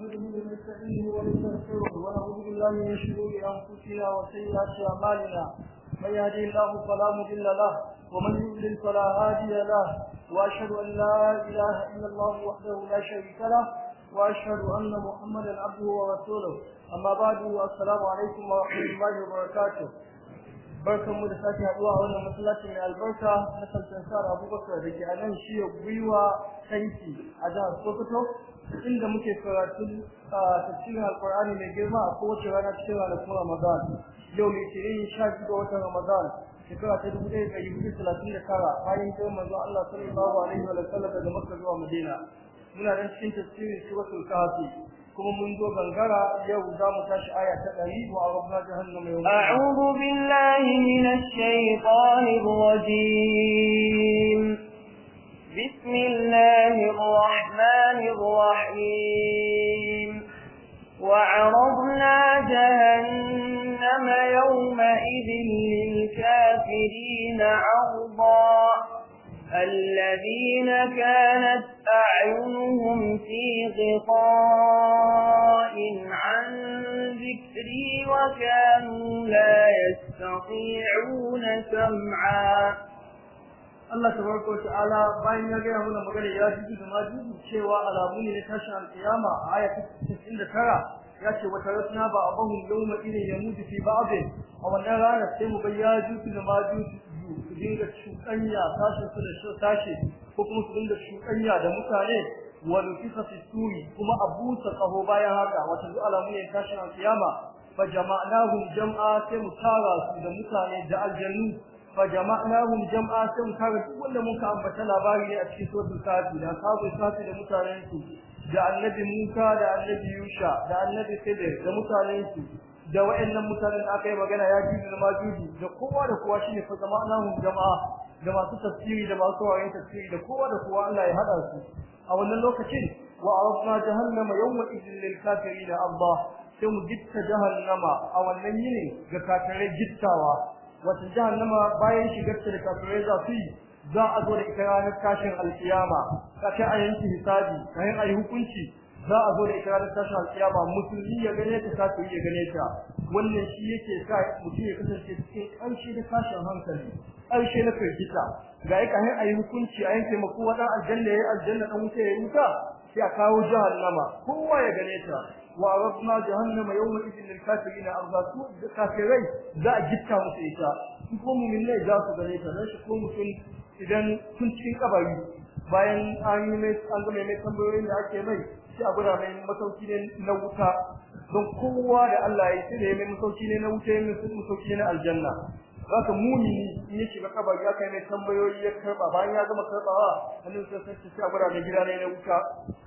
نحمده ونستعينه ونستغفره ونعوذ بالله من شرور انفسنا وسيئات اعمالنا من يهده الله فلا مضل له ومن يضلل فلا هادي له واشهد ان لا اله الا الله وحده لا شريك له واشهد ان محمدا عبده ورسوله اما بعد والسلام عليكم ورحمه الله وبركاته barkan mu da sake haduwa a wannan masallaci mai albarka na Sultan Sar Abubakar da ke a nan shi ya gwiwa tanki a jihar Sokoto inda muke karatun tafsirin alkur'ani mai girma a kowace rana cikin ranakun ramadan yau litinin sha biyu ga watan ramadan shekara ta dubu ɗaya ɗari biyu talatin da tara bayan jiran manzo allah sallallahu alaihi wa sallam daga makka zuwa madina muna nan cikin tafsirin suratul kahfi kuma mun zo gangara yau za mu tashi aya ta ɗari wa na arabna jahannam yau a'udhu billahi minash shaitanir rajim بسم الله الرحمن الرحيم وعرضنا جهنم يومئذ للكافرين عرضا الذين كانت أعينهم في غطاء عن ذكري وكانوا لا يستطيعون سمعا Allah ta Ala bayan ya gaya mana magana ya ji da majibi cewa alamu ne na tashin alkiyama a aya ta tara ya ce wata rasna ba a abahu yawma ya mutu fi abin. a wannan rana sai mu bayya ya ji da majibi su dinga shukanya tashin su da tashi ko kuma su dinga shukanya da mutane wani kisa fi kuma kuma ta kaho bayan haka wata alamu ne tashin alkiyama fa jama'nahum jam'a sai mu tara su da mutane da aljannu fa jama'nahum jam'a sun kare duk wanda muka ambata labari ne a cikin sojin kafi da kafi kafi da mutanen su da annabi Musa da annabi Yusha da annabi Khidir da mutanen su da wayannan mutanen da aka yi magana ya ji da majudu da kowa da kowa shine fa jama'nahum da masu tafsiri da masu wayoyin tafsiri da kowa da kowa Allah ya hada su a wannan lokacin wa arafna jahannama yawma idhil lil kafirin Allah sai mu gitta jahannama a wannan yini ga kafirai gittawa wata jahannama bayan shigar ta da kafirai za su yi za a zo da ita ranar tashin alkiyama kashin a yanki hisabi kafin a yi hukunci za a zo da ita ranar tashin alkiyama musulmi ya gane ta kafiri ya gane ta wannan shi yake sa mutum ya kasance cikin ƙarshe da kashin hankali ƙarshe na firgita ga yi kafin a yi hukunci a yanke ma kowa ɗan aljanna ya yi aljanna ɗan wuta ya yi wuta ya a kawo jahannama kowa ya gane ta wa rabna jahannama yawma idin lil kafirin arda su da kafirai za a gitta musu ita su ko ne za su gane ta ne shi ko mutum idan sun cikin kabari bayan an yi mai an mai tambayoyin da ake mai shi a gwada mai masauki ne na wuta don kowa da Allah ya yi ne mai masauki ne na wuta ya mai masauki ne na aljanna haka muni in ya shiga kabari ya kai ne tambayoyi ya karba bayan ya gama karbawa hannun sai sai sai gura mai gida ne na wuta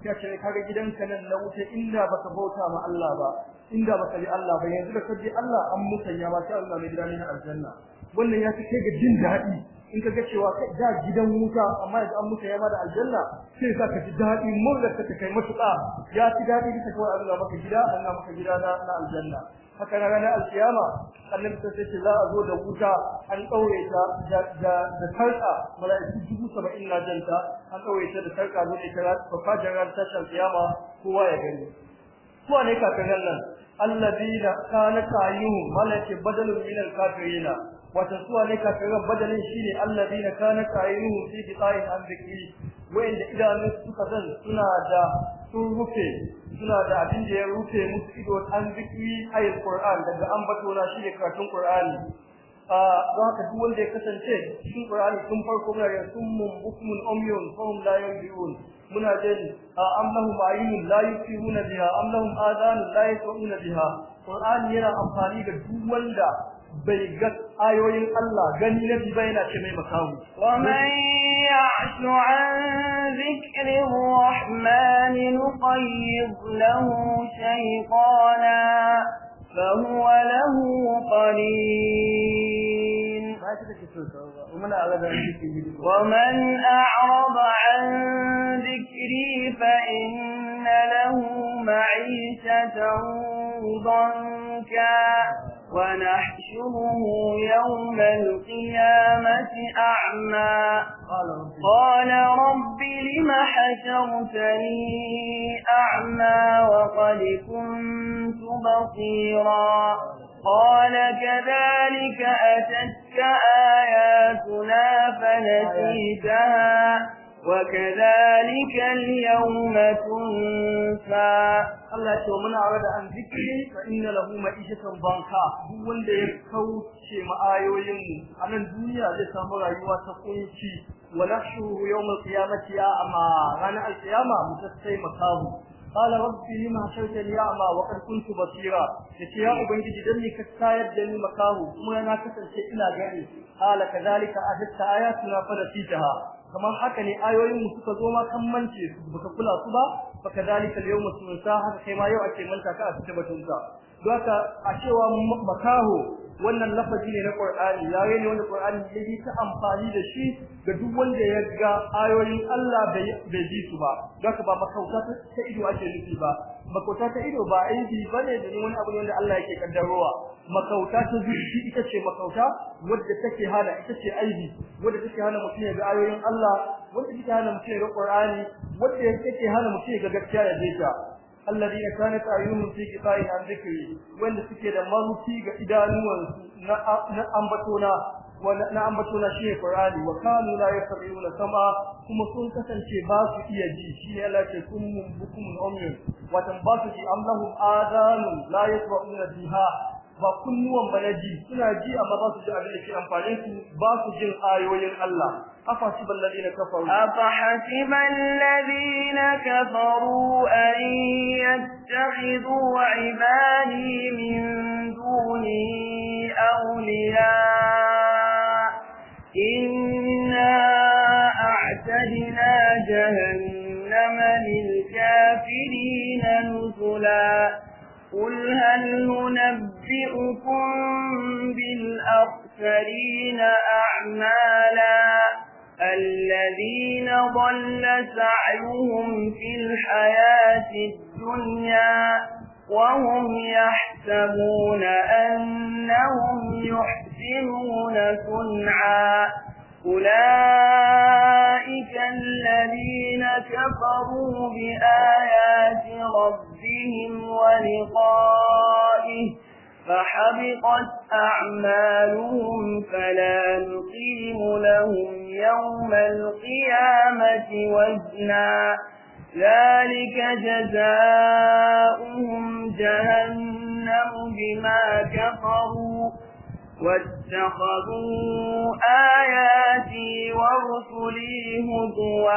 ya ce kaga gidanka nan na wuta inda baka bauta ma Allah ba inda baka yi Allah ba yanzu da kaji Allah an musanya ba sai Allah ne gida ne na aljanna wannan ya fi kai ga jin daɗi in ka ga cewa kai da gidan wuta amma yanzu an musanya ma da aljanna sai za ka ji daɗi murnar ka kai matuƙa ya fi daɗi bisa ko Allah maka gida Allah maka gida na aljanna haka na ranar alkiyama annabi ta ce za a zo da wuta an ɗaure ta da da sarka mala'iku dubu saba'in na janta an ɗaure ta da sarka zo da kira fafajar ran ta alkiyama kowa ya gani kowa ne kan nan alladina kana kayu malaki badalun min alkafirina wato suwa ne kafiran badalin shine alladina kana kayu fi bi'ain an biki wanda idanun suka zan suna da sun rufe suna da abin da ya rufe musu ido an zikri ayil Qur'an daga bato na shi karatun Qur'ani a za ka duk wanda ya kasance cikin Qur'ani sun farko muna da summun bukmun umyun fahum la yanbiun muna jin am lahum ayunun la yusiruna biha am lahum layi la yasmauna biha Qur'ani yana amfani ga duk wanda bai ga ayoyin Allah gani na bi yana ce mai makahu wa man ya'shu an zikri rahman nuqayyib lahu shaytana fa huwa lahu qarin ومن أعرض عن ذكري فإن له معيشة ضنكا ونحشره يوم القيامة أعمى قال رب لم حشرتني أعمى وقد كنت بصيرا قال كذلك أتتك آياتنا فنسيتها وكذلك اليوم Allah الله ce muna rada an zikri fa inna lahu ma'ishatan banka duk wanda ya kauce ma'ayoyin mu a nan duniya zai samu rayuwa ta kunci wa nahshuru yawm al-qiyamati ya amma ranar al-qiyama mutassai makamu qala rabbi lima hashartani ya amma wa qad kuntu basira yace ya ubangiji dan ne ka sayar da ni makamu kuma na kasance ina gani qala kadhalika ahdatta ayatuna fa nasitaha kamar haka ne ayoyin mu suka zo ma kan mance su baka kula su ba baka dalika al-yawma tunsa haka kai ma yau ake manta ka a cikin batunsa. don haka a cewa makaho wannan lafazi ne na Qur'ani yi ne wanda Qur'ani ya yi ta amfani da shi ga duk wanda ya ga ayoyin Allah bai ji su ba don haka ba makauta ta ido ake nufi ba makauta ta ido ba aiki bane da wani abu ne wanda Allah yake kaddarowa makauta ta zuci ita ce makauta wadda take hana ita ce aibi wadda take hana mutum ya ga ayoyin Allah wadda take hana mutum ya ga Qur'ani wadda take hana mutum ya ga gaskiya da daita alladina kanat ayunhum fi qita'in an dhikri wanda suke da marufi ga idanuwansu na ambatona wanda na ambato na shi Qur'ani wa kanu la yasmi'una sam'a kuma sun kasance ba su iya ji shi ne Allah ke kummun bukum ummin watan ba su ji amlahum adanu la yasma'una biha ba kunnuwan ba na ji suna ji amma ba su ji abin da ke amfani su ba su jin ayoyin Allah أفحسب الذين كفروا أفحسب الذين كفروا أن يتخذوا عبادي من دوني أولياء إنا أعتدنا جهنم للكافرين نزلا قل هل ننبئكم بالأخسرين أعمالا الذين ضل سعيهم في الحياة الدنيا وهم يحسبون أنهم يحسنون صنعا أولئك الذين كفروا بآيات ربهم ولقائه فحبطت أعمالهم فلا نقيم لهم يوم القيامة وزنا ذلك جزاؤهم جهنم بما كفروا واتخذوا آياتي ورسلي هدوا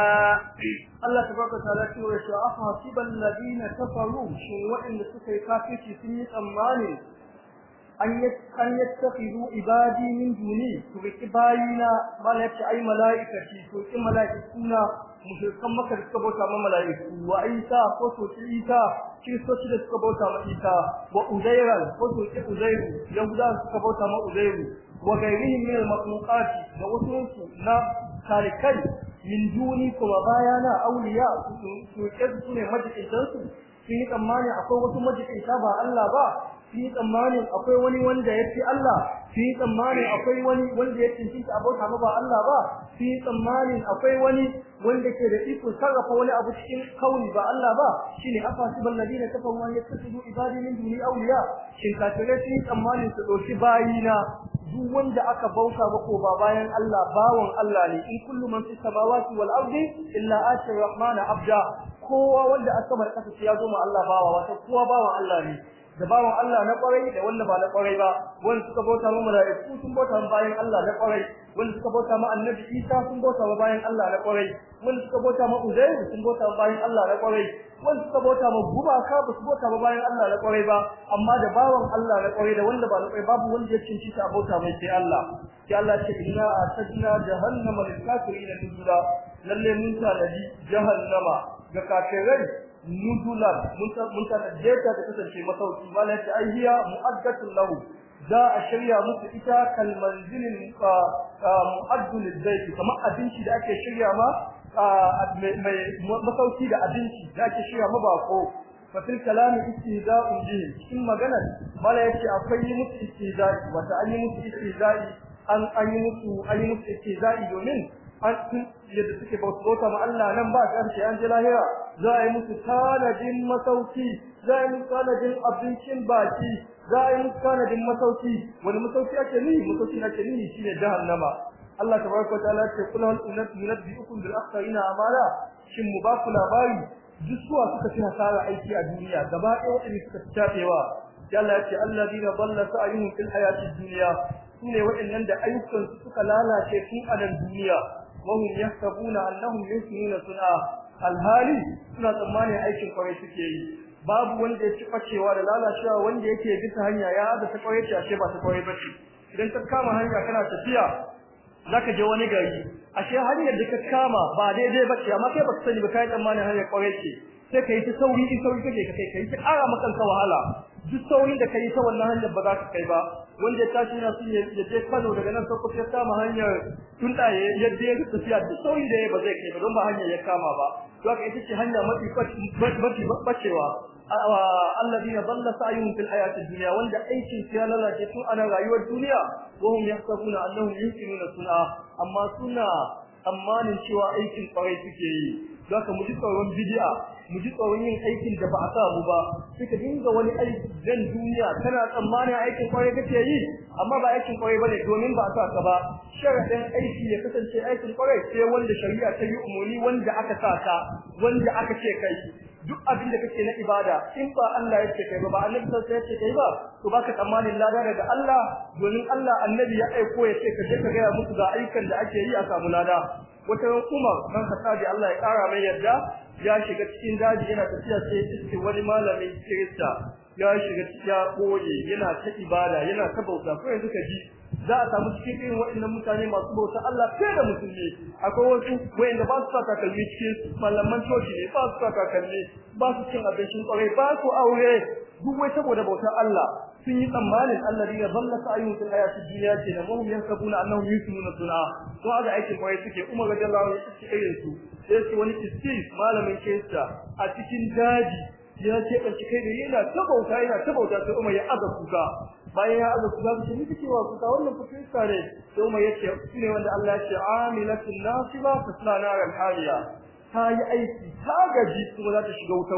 الله تبارك وتعالى يشاء حاسب الذين كفروا شيء وإن تكي كافي في سنة أمانه أن يتخذوا عبادي من دوني تبكي باينا ما لا يبكي أي ملائكة تبكي ملائكة mushrikan maka da suka bauta ma mala'iku wa isa ko to isa kiristoci da suka bauta ma isa wa uzairan ko to ki uzairu yahuda suka bauta ma uzairu wa gairihim min al da wasu na tarikai min duni kuma bayana awliya su su ne su? sun yi tsammani akwai wasu majalisa ba Allah ba fi tsammanin akwai wani wanda yafi Allah fi tsammanin akwai wani wanda ya cinci abota ba Allah ba fi tsammanin akwai wani wanda ke da iko sarrafa wani abu cikin kauni ba Allah ba shine afasibal ladina kafaru an yattakhidhu ibadi min duni awliya shin kafire fi tsammanin su doki na duk wanda aka bauta ba ko ba bayan Allah bawon Allah ne in kullu man fis samawati wal ardi illa ata rahmana abda kowa wanda aka bar kasa ya zo ma Allah bawa wato kowa bawa Allah ne da bawan Allah na kwarai da wanda ba na kwarai ba wanda suka bauta mu mala'iku sun bauta mu bayan Allah na kwarai wanda suka bauta mu annabi Isa sun bauta mu bayan Allah na kwarai wanda suka bauta mu Uzairu sun bauta mu bayan Allah na kwarai wanda suka bauta mu ka ba su bauta mu bayan Allah na kwarai ba amma da bawan Allah na kwarai da wanda ba na kwarai babu wanda ya cinci ta bauta mai sai Allah sai Allah ce inna atadna jahannama lil kafirin tudda lalle mun da jahannama ga kafirai nuzulan mun ta tanadde ta da kasance masauki malai ta ayyiya mu'addatul lahu za a shirya musu ita kal manzilin ah, ah, mu'addul zaiti kamar abinci da ake shirya ma ah, mai masauki da abinci da ake shirya ma bako fatil kalami istihza'un bihi cikin magana mala yace akwai yi musu istihza'i wata an yi musu istihza'i an an yi musu an yi musu istihza'i domin an tun yadda suke bauta ma Allah nan ba ƙarshe an ji lahira za a yi musu tanadin masauki za a yi musu tanadin abincin baki za a yi musu tanadin masauki wani masauki ake nihi masauki ake nihi shine jahannama Allah tabaraka wa ta'ala ce kul hal unabbiukum bil akhsarina amala shin mu ba ku labari duk suwa suka fi hasara aiki a duniya gaba ɗaya waɗanda suka fi tafewa sai Allah ya ce alladina dalla sa'yuhum fil hayatid dunya sune waɗannan da ayyukan suka lalace tun a duniya wahum yahsabuna annahum nuna sun'a alhali suna tsammanin aikin kwarai suke yi babu wanda ya ci facewa da lalacewa wanda yake bisa hanya ya da ta kwarai ce ba ta kwarai ba idan ta kama hanya kana tafiya zaka je wani gari ashe hanyar da ka kama ba daidai ba ce amma kai baka sani ba kai tsammanin hanyar kwarai ce sai kai ta sauri in sauri kake kai kai ta ƙara maka wahala duk saurin da kai ta wannan hanyar ba za ka kai ba wanda ya tashi na sun ya je Kano daga nan sai kuma ya kama hanyar tundaye ya ya tafiya duk saurin da ya ba zai kai ba don ba hanyar ya kama ba to haka ita ce hanya mafi mafi bacewa alladhina dalla sa'yuhum fil hayati dunya wanda aikin ya lalace tun ana rayuwar duniya wa hum yahsabuna annahum yuhsinuna sun'a amma suna tsammanin cewa aikin kwarai suke yi zaka mu ji tsoron bid'a mu ji tsoron yin aikin da ba a sa mu ba suka dinga wani aiki zan duniya kana tsammani aikin kwarai kake yi amma ba aikin kwarai bane domin ba a sa ka ba sharadin aiki ya kasance aikin kwarai sai wanda shari'a ta yi umarni wanda aka sa ka wanda aka ce kai duk abin da kake na ibada in ba Allah ya ce kai ba ba annabi sai ya ce kai ba to baka tsammanin lada daga Allah domin Allah annabi ya aiko ya ce ka je ka ga musu ga aikan da ake yi a samu lada wata ran Umar dan Khattabi Allah ya kara mai yadda ya shiga cikin daji yana tafiya sai iske wani malamin Kirista ya shiga ya koye yana ta ibada yana ta bauta ko yanzu ka ji za a samu cikin irin waɗannan mutane masu bauta Allah fiye da musulmi akwai wasu wayanda ba su saka kalmi cikin malaman coci ne ba su saka kalmi ba su cin abincin kwarai ba su aure duk wai saboda bautar Allah sun yi tsammanin Allah ya zalla sa'yun fil hayati dunya ce da mahum yankabuna annahum na sun'a to aga aikin kwaye suke umar radiyallahu anhu suke irin su sai su wani kiski malamin kesta a cikin daji ya ce ɗauki kai da yana ta bauta yana ta bauta sai umar ya aza kuka bayan ya aza kuka shi miki cewa kuka wannan kuka ne sai umar ya ce ne wanda Allah ya ce amilatun nasiba tasla al haliya ta yi aiki ta gaji kuma za ta shiga wuta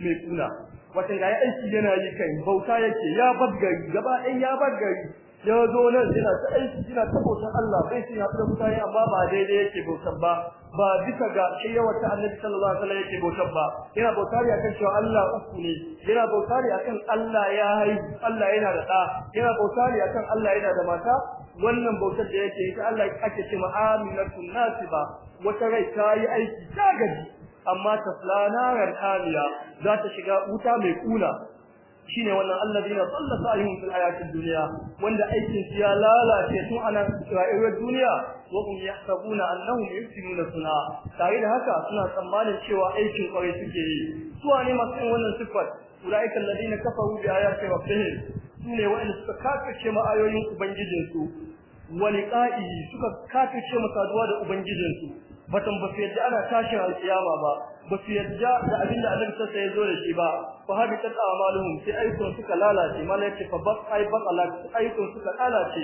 mai kuna Wata ga aiki yana yi kai bauta yake ya baggari gaba ɗaya ya baggari ya zo nan yana ta aiki yana ta bautar Allah bai sai haɗu da amma ba daidai yake bautar ba ba bisa ga shayyawa ta Annabi sallallahu alaihi wasallam yake bautar ba yana bautar ya kan cewa Allah uku ne yana bautar ya kan Allah ya haihu Allah yana da ɗa yana bautar ya kan Allah yana da mata wannan bautar da yake ita Allah ake cewa aminatun nasiba wata rai ta yi aiki ta gaji amma taslana ran aliya za ta shiga wuta mai kula shine wannan alladina sallasa sa'ihum fil hayatid dunya wanda aikin su ya lalace tun nan rayuwar duniya wa hum yahsabuna annahum yusinuna suna tare da haka suna tsammanin cewa aikin kwarai suke yi su ne masu wannan sifat ulaika alladina kafaru bi ayati rabbih sune wa'anda suka kafirce ma ayoyin ubangijinsu wa liqa'i suka kafirce ma saduwa da ubangijinsu batan ba su yadda ana tashin alkiyama ba ba su yadda da abinda annabi sassa ya zo da shi ba fa hadi ta amaluhum sai aikon suka lalace malaka fa bas ai bas alak aikon suka lalace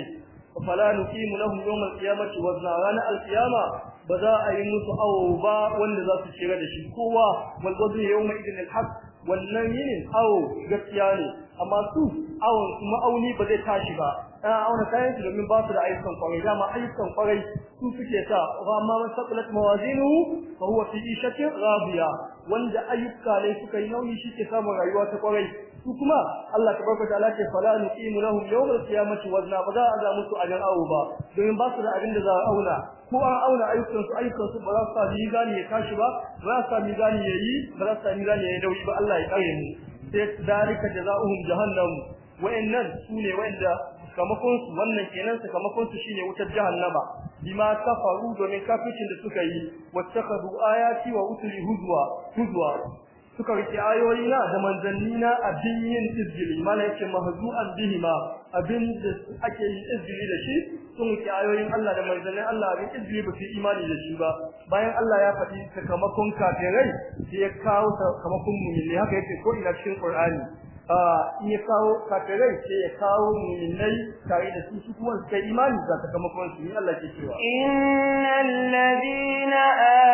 fa fala nuqimu lahum yawm alqiyamati wa zarana alqiyama ba za a yi musu awo ba wanda za su shiga da shi kowa wal qadru yawma idin alhaq wannan yin awo gaskiya ne amma su awon ma'auni ba zai tashi ba a auna kayan su domin ba su da ayyukan kwarai dama ayyukan kwarai su suke sa wa amma man saqulat mawazinuhu fa huwa fi ishatin radiya wanda ayyuka ne suka yi nauyi shi ke samun rayuwa ta kwarai su kuma Allah tabaraka ta'ala ce fala nuqimu lahum yawmal qiyamati wazna ba za a za musu ajan awo ba domin ba su da abin da za a auna ko an auna ayyukan su ayyukan su ba za su sa mizani ya tashi ba ba za su sa mizani ya yi ba za su sa mizani ya yi dauki ba Allah ya kare mu sai dalika jazaohum jahannam wa'annan sune wa'anda sakamakon su wannan kenan sakamakon su shine wutar jahannama bima kafaru domin kafircin da suka yi wattakhadhu ayati wa utli huzwa huzwa suka rike ayoyi na da manzanni na abin yin izgili mana yake mahzu'an bihima abin da ake yin izgili da shi sun rike ayoyin Allah da manzanni Allah abin izgili ba su imani da shi ba bayan Allah ya faɗi sakamakon kafirai sai ya kawo sakamakon mu'mini haka yake ko ina cikin Qur'ani in ya kawo kafirai sai ya kawo mu'minai tare da su su kuma su kai imani za ta kama kuma su ne Allah ke cewa innal ladina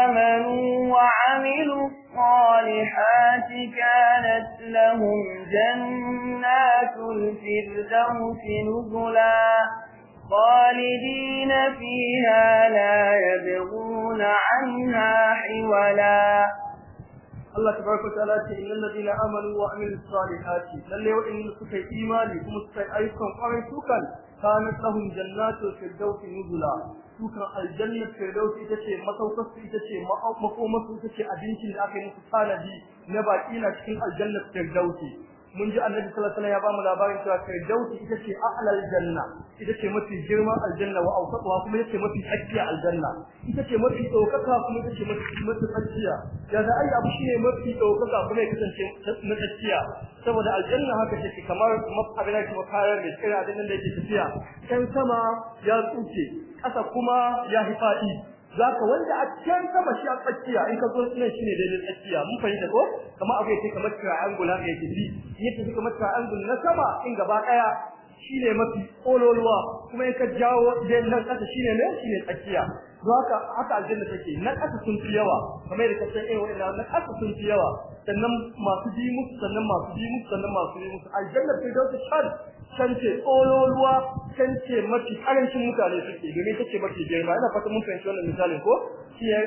amanu wa amilu الصالحات كانت لهم جنات الفردوس نزلا خالدين فيها لا يبغون عنها حولا Allah baraka ta'ala ce innal ladina amanu wa amilus salihati lalle wa'in suka yi imani kuma suka yi ayyukan kwarai sukan kanat lahum jannatu firdausi nuzula sukan aljanna firdausi ita ce masaukar ita ce makomar su ita ce abincin da aka yi musu tanadi na baki na cikin aljanna firdausi mun ji annabi sallallahu alaihi wasallam ya ba mu labarin cewa firdausi ita ce a'lal janna ita ce mafi girman aljanna wa awsatuha kuma ita ce mafi tsakiya aljanna ita ce mafi ɗaukaka kuma ita ce mafi tsakiya ya za ai abu shine mafi ɗaukaka kuma ya kasance na tsakiya saboda aljanna haka take kamar abin da ke makarar mai tsira abin da yake tafiya can sama ya tsuke ƙasa kuma ya hi faɗi zaka wanda a cikin sama shi a tsakiya in ka zo sunan shi ne daidai tsakiya mun fahimta ko kamar abu yake kamar gula haka yake bi yake kamar triangle na sama in gaba daya shine mafi kololuwa kuma in ka jawo daidai nan kasa shine ne shine tsakiya haka haka aljanna take na kasa sun fi yawa kamar da kasan eh wannan na kasa sun fi yawa sannan masu bi musu sannan masu bi musu sannan masu bi musu aljanna ta dauka shan can ce ƙololuwa can ce mafi ƙarancin mutane suke domin ta ce mafi girma ina fata mun fahimci wannan misalin ko shi ya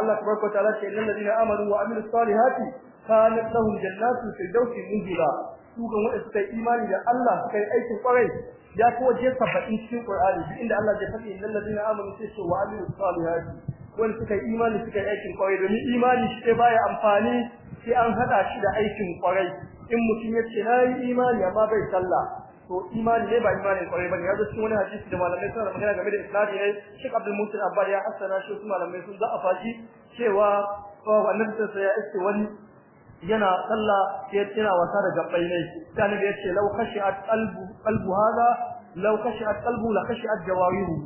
Allah tabaraka ta'ala ce innal ladina amanu wa amilus salihati kanat lahum jannatu fil dawsi nuzula su ga wanda suka yi imani da Allah kai aikin kwarai ya ko je sabbin cikin Qur'ani duk inda Allah ya faɗi innal ladina amanu sai ce wa amilus salihati wanda suka yi imani suka yi aikin kwarai domin imani shi baya amfani sai an hada shi da aikin kwarai in mutum ya ce na yi imani amma bai sallah to imani ne ba imani kwarai bane yazo cikin wani hadisi da malamai suna magana game da islami ne Sheikh Abdul Musin Abbar ya hassana shi su malamai sun za a fashi cewa wannan sai ya isa wani yana sallah sai yana wasa da gabbai ne sai ne yace law khashi'at qalbu qalbu hada law khashi'at qalbu la khashi'at jawawihu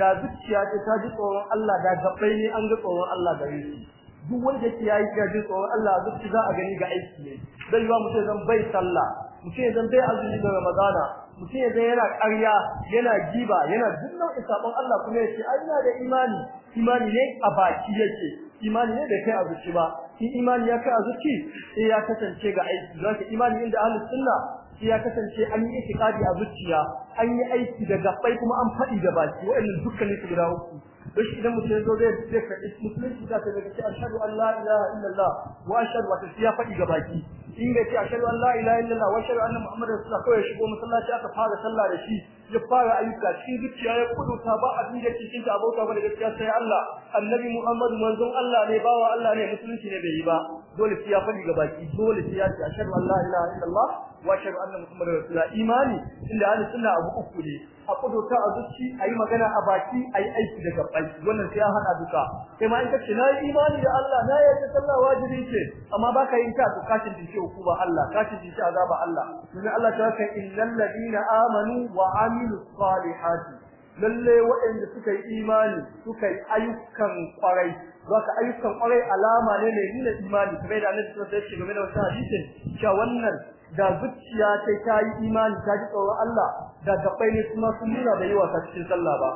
da zuciya ta ji tsoron Allah da gabbai ne an ga tsoron Allah gare shi duk wanda yake yayi kiyar tsoron Allah zuci za a gani ga aiki ne zai yi wa mutum zan bai sallah mutum ya bai azumi da ramadana mutum ya yana karya, yana giba yana duk nau'in sabon Allah kuma ya ce ai ina da imani imani ne a baki yake imani ne da kai a ba in imani ya kai a sai ya kasance ga aiki ka imani inda ahli sunna sai ya kasance an yi itikadi a zuciya an yi aiki da gabbai kuma an faɗi da baki wa'annan dukkanin su guda uku don shi idan mutum ya zo zai zai karɓi shi za ta daga ce ashhadu an la ilaha illallah wa ashhadu wa ya faɗi ga baki in ga ce ashhadu an la ilaha illallah wa ashhadu anna muhammadar rasulullah kawai ya shigo masallaci aka fara sallah da shi ya fara ayyuka cikin zuciya ya kuduta ba abin da cikin ta abota ba da gaskiya sai Allah annabi muhammadu manzon Allah ne bawa Allah ne musulunci ne bai yi ba dole sai ya faɗi ga baki dole sai ya ce ashhadu an la ilaha illallah wa shahadu anna muhammadar imani inda ahlus sunna abu uku ne a kudota a zuci a yi magana a baki a yi aiki da gabbai wannan sai a hada duka sai ma in kace na yi imani da Allah na yarda sallah wajibi ce amma baka yin ta to kashin dinki hukuma Allah cin dinki azaba Allah dan Allah ta ce innal ladina amanu wa amilus salihati lalle waɗanda suka yi imani suka yi ayyukan kwarai zaka ayyukan kwarai alama ne ne nuna imani kamar da Allah ta ce game da wannan hadisin cewa wannan da zuciya sai ta yi imani ta ji tsoron Allah da gabai ne kuma sun nuna da yawa ta cikin sallah ba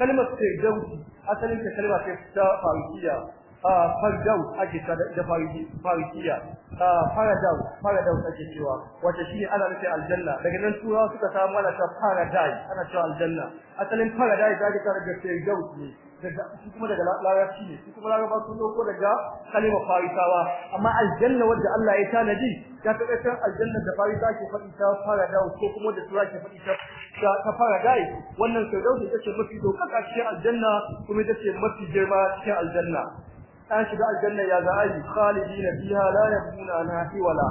kalmar dauki, asalin ta kalma ce ta farisiya a fardaus ake ta da farisiya a faradaus faradaus ake cewa wace shi ana nufi aljanna daga nan turawa suka samu ana ta paradise ana cewa aljanna asalin paradise ta ga ta da firdaus dauki. daga su kuma daga larabci ne su kuma laraba sun dauko daga kalimar farisawa amma aljanna wanda Allah ya tanadi ta kaga kan aljanna da farisa ke faɗi ta fara da ko kuma da sura ke faɗi ta fara dai wannan ta ce mafi dokaka cikin aljanna kuma ce mafi girma cikin aljanna an shiga aljanna ya za'ali na biya, la na, na wala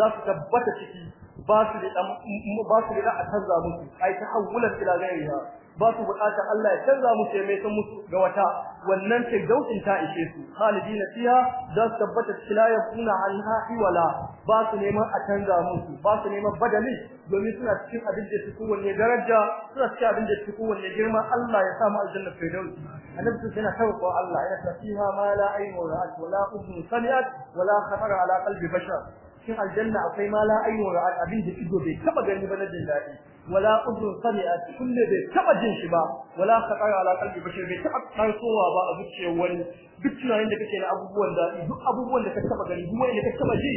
za su tabbata ciki ba su da ba da a canza musu ai ta hawulan ila ba su bukata Allah ya canza musu ya mai san musu ga wata wannan ce gautin ta ishe su khalidina fiha za su tabbata la yakuna anha iwala ba su neman a canza musu ba su neman badali domin suna cikin abin da su wanne daraja suna cikin abin da su wanne girma Allah ya samu aljanna firdaus annabi sun yana tawqa Allah yana fiha ma la aynu ra'at wala udhun sami'at wala khatara ala qalbi bashar cikin aljanna akwai ma la ayyu ra'at abin da ido bai taba gani ba na jin dadi wala udhun sami'at kullu bai taba jin shi ba wala khatar ala qalbi bashir bai taba tsarsowa ba a zuciyar wani duk tunanin da kake na abubuwan dadi duk abubuwan da ka taba gani duk wani da ka taba ji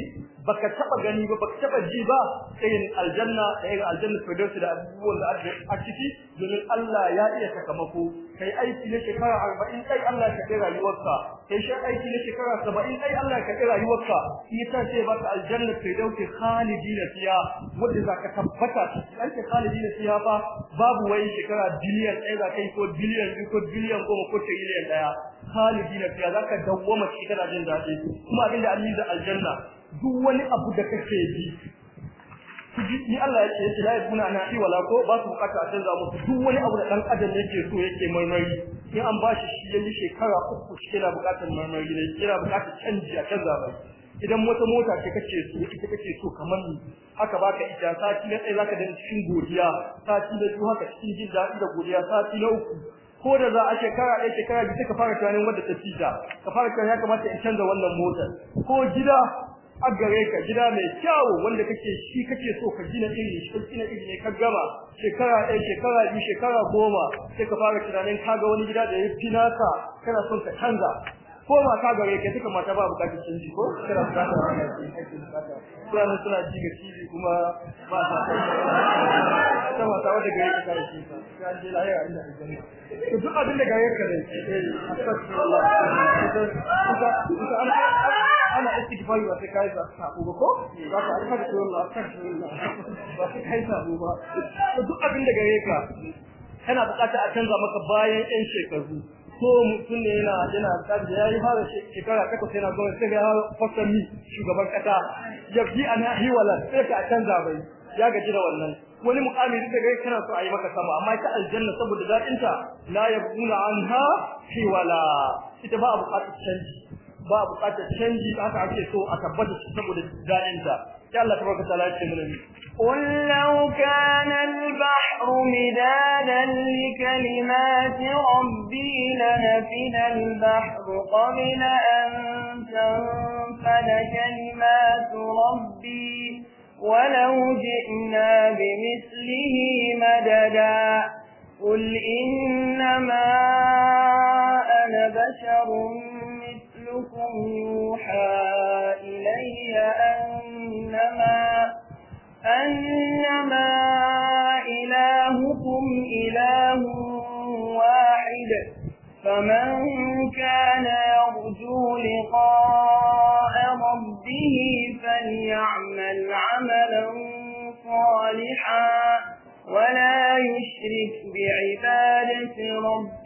baka taba gani ba baka taba ji ba irin aljanna da irin aljanna firdausi da abubuwan da a ciki domin Allah ya iya sakamako kai aiki na shekara arba'in kai Allah ka kai rayuwarka kai shi aiki na shekara saba'in kai Allah ka kai rayuwarka isa ce baka aljanna sai dauke khalidina fiya wanda zaka tabbata an ce khalidina fiya ba babu wai shekara biliyan ɗaya za kai ko biliyan biyu ko biliyan goma ko triliyan ɗaya khalidina fiya zaka dawwama shi kana jin daɗi kuma abinda an yi da aljanna duk wani abu da kake bi ni Allah yake yake la yakuna na fi wala ko ba su bukata a canza musu duk wani abu da dan adam yake so yake marmari in an ba shi shi ya yi shekara uku shi yana bukatar marmari ne yana bukatar canji a canza mai idan wata mota ce kace so ita kace so kamar ni haka baka ita sati na tsaye zaka dan cikin godiya sati na biyu haka cikin jin daɗi da godiya sati na uku ko da za a shekara ɗaya shekara biyu ka fara tunanin wadda ta fita ka fara tunanin ya kamata in canza wannan motar ko gida a gare ka gida mai kyawu wanda kake shi kake so ka gina irin shi kake gina ne ka gama shekara ɗaya shekara biyu shekara goma sai ka fara tunanin ka ga wani gida da ya fi naka kana son ka canza ko ba ka gare ka duka mata ba bukatar canji ko kana suna suna ji ga TV kuma ba sa ta mata wanda gare ka kare shi ka ji lahira inda ka gani to duk abin da gare ka ne astaghfirullah ana istighfari ba sai kai sabo ba ko za ka alfa da Allah astaghfirullah ba sai kai sabo ba duk abin da gare ka kana bukata a canza maka bayan yan shekaru ko mutum ne yana yana da yayi fara shekara takwas yana zuwa sai ya fasa mi shugaban kasa ya a ana hiwala sai ka canza bai ya gaji da wannan wani mu'amili da gare kana so a yi maka sama amma ita aljanna saboda daɗinta la yabuna anha hiwala ita ba a bukatar canji ba bukatar canji haka ake so a tabbata saboda dadinta sai Allah tabaraka taala ya ce mana qul law kana al-bahru midadan li kalimati rabbi lanafida al-bahru qabla an tanfada kalimatu rabbi ولو جئنا بمثله مددا قل إنما أنا بشر مثل كلكم يوحى إلي أنما أنما إلهكم إله واحد فمن كان يرجو لقاء ربه فليعمل عملا صالحا ولا يشرك بعبادة ربه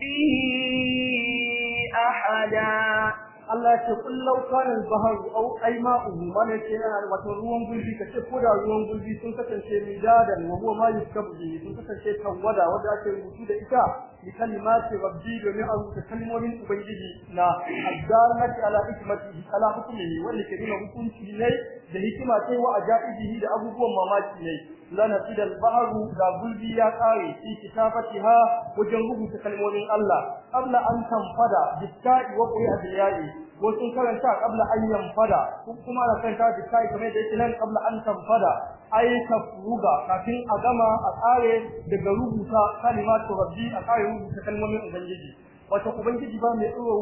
ta'ala ce kun laukanin bahar au aima'u mana ce yana wata ruwan gulbi ka ce ko da ruwan gulbi sun kasance midadan wa huwa ma yuskabdi sun kasance tawada wanda ake rubutu da ita bi kalimati rabbi domin a rubuta kalmomin ubangiji na addalati ala hikmati ala hukmihi wanda ke nuna hukunci ne da hikima ce wa ajaibihi da abubuwan mamaki ne lana fidal baharu da gulbi ya kare fi kitabatiha wajen rubuta kalmomin Allah qabla an tanfada bitta'i wa qul wasu karanta qabla an yanfada kuma da karanta da kai kamar da yake nan qabla an tanfada ai tafruga kafin a gama a tsare daga rubuta kalimatu rabbi a kai rubuta kalmomin ubangiji wato ubangiji ba mai tsoro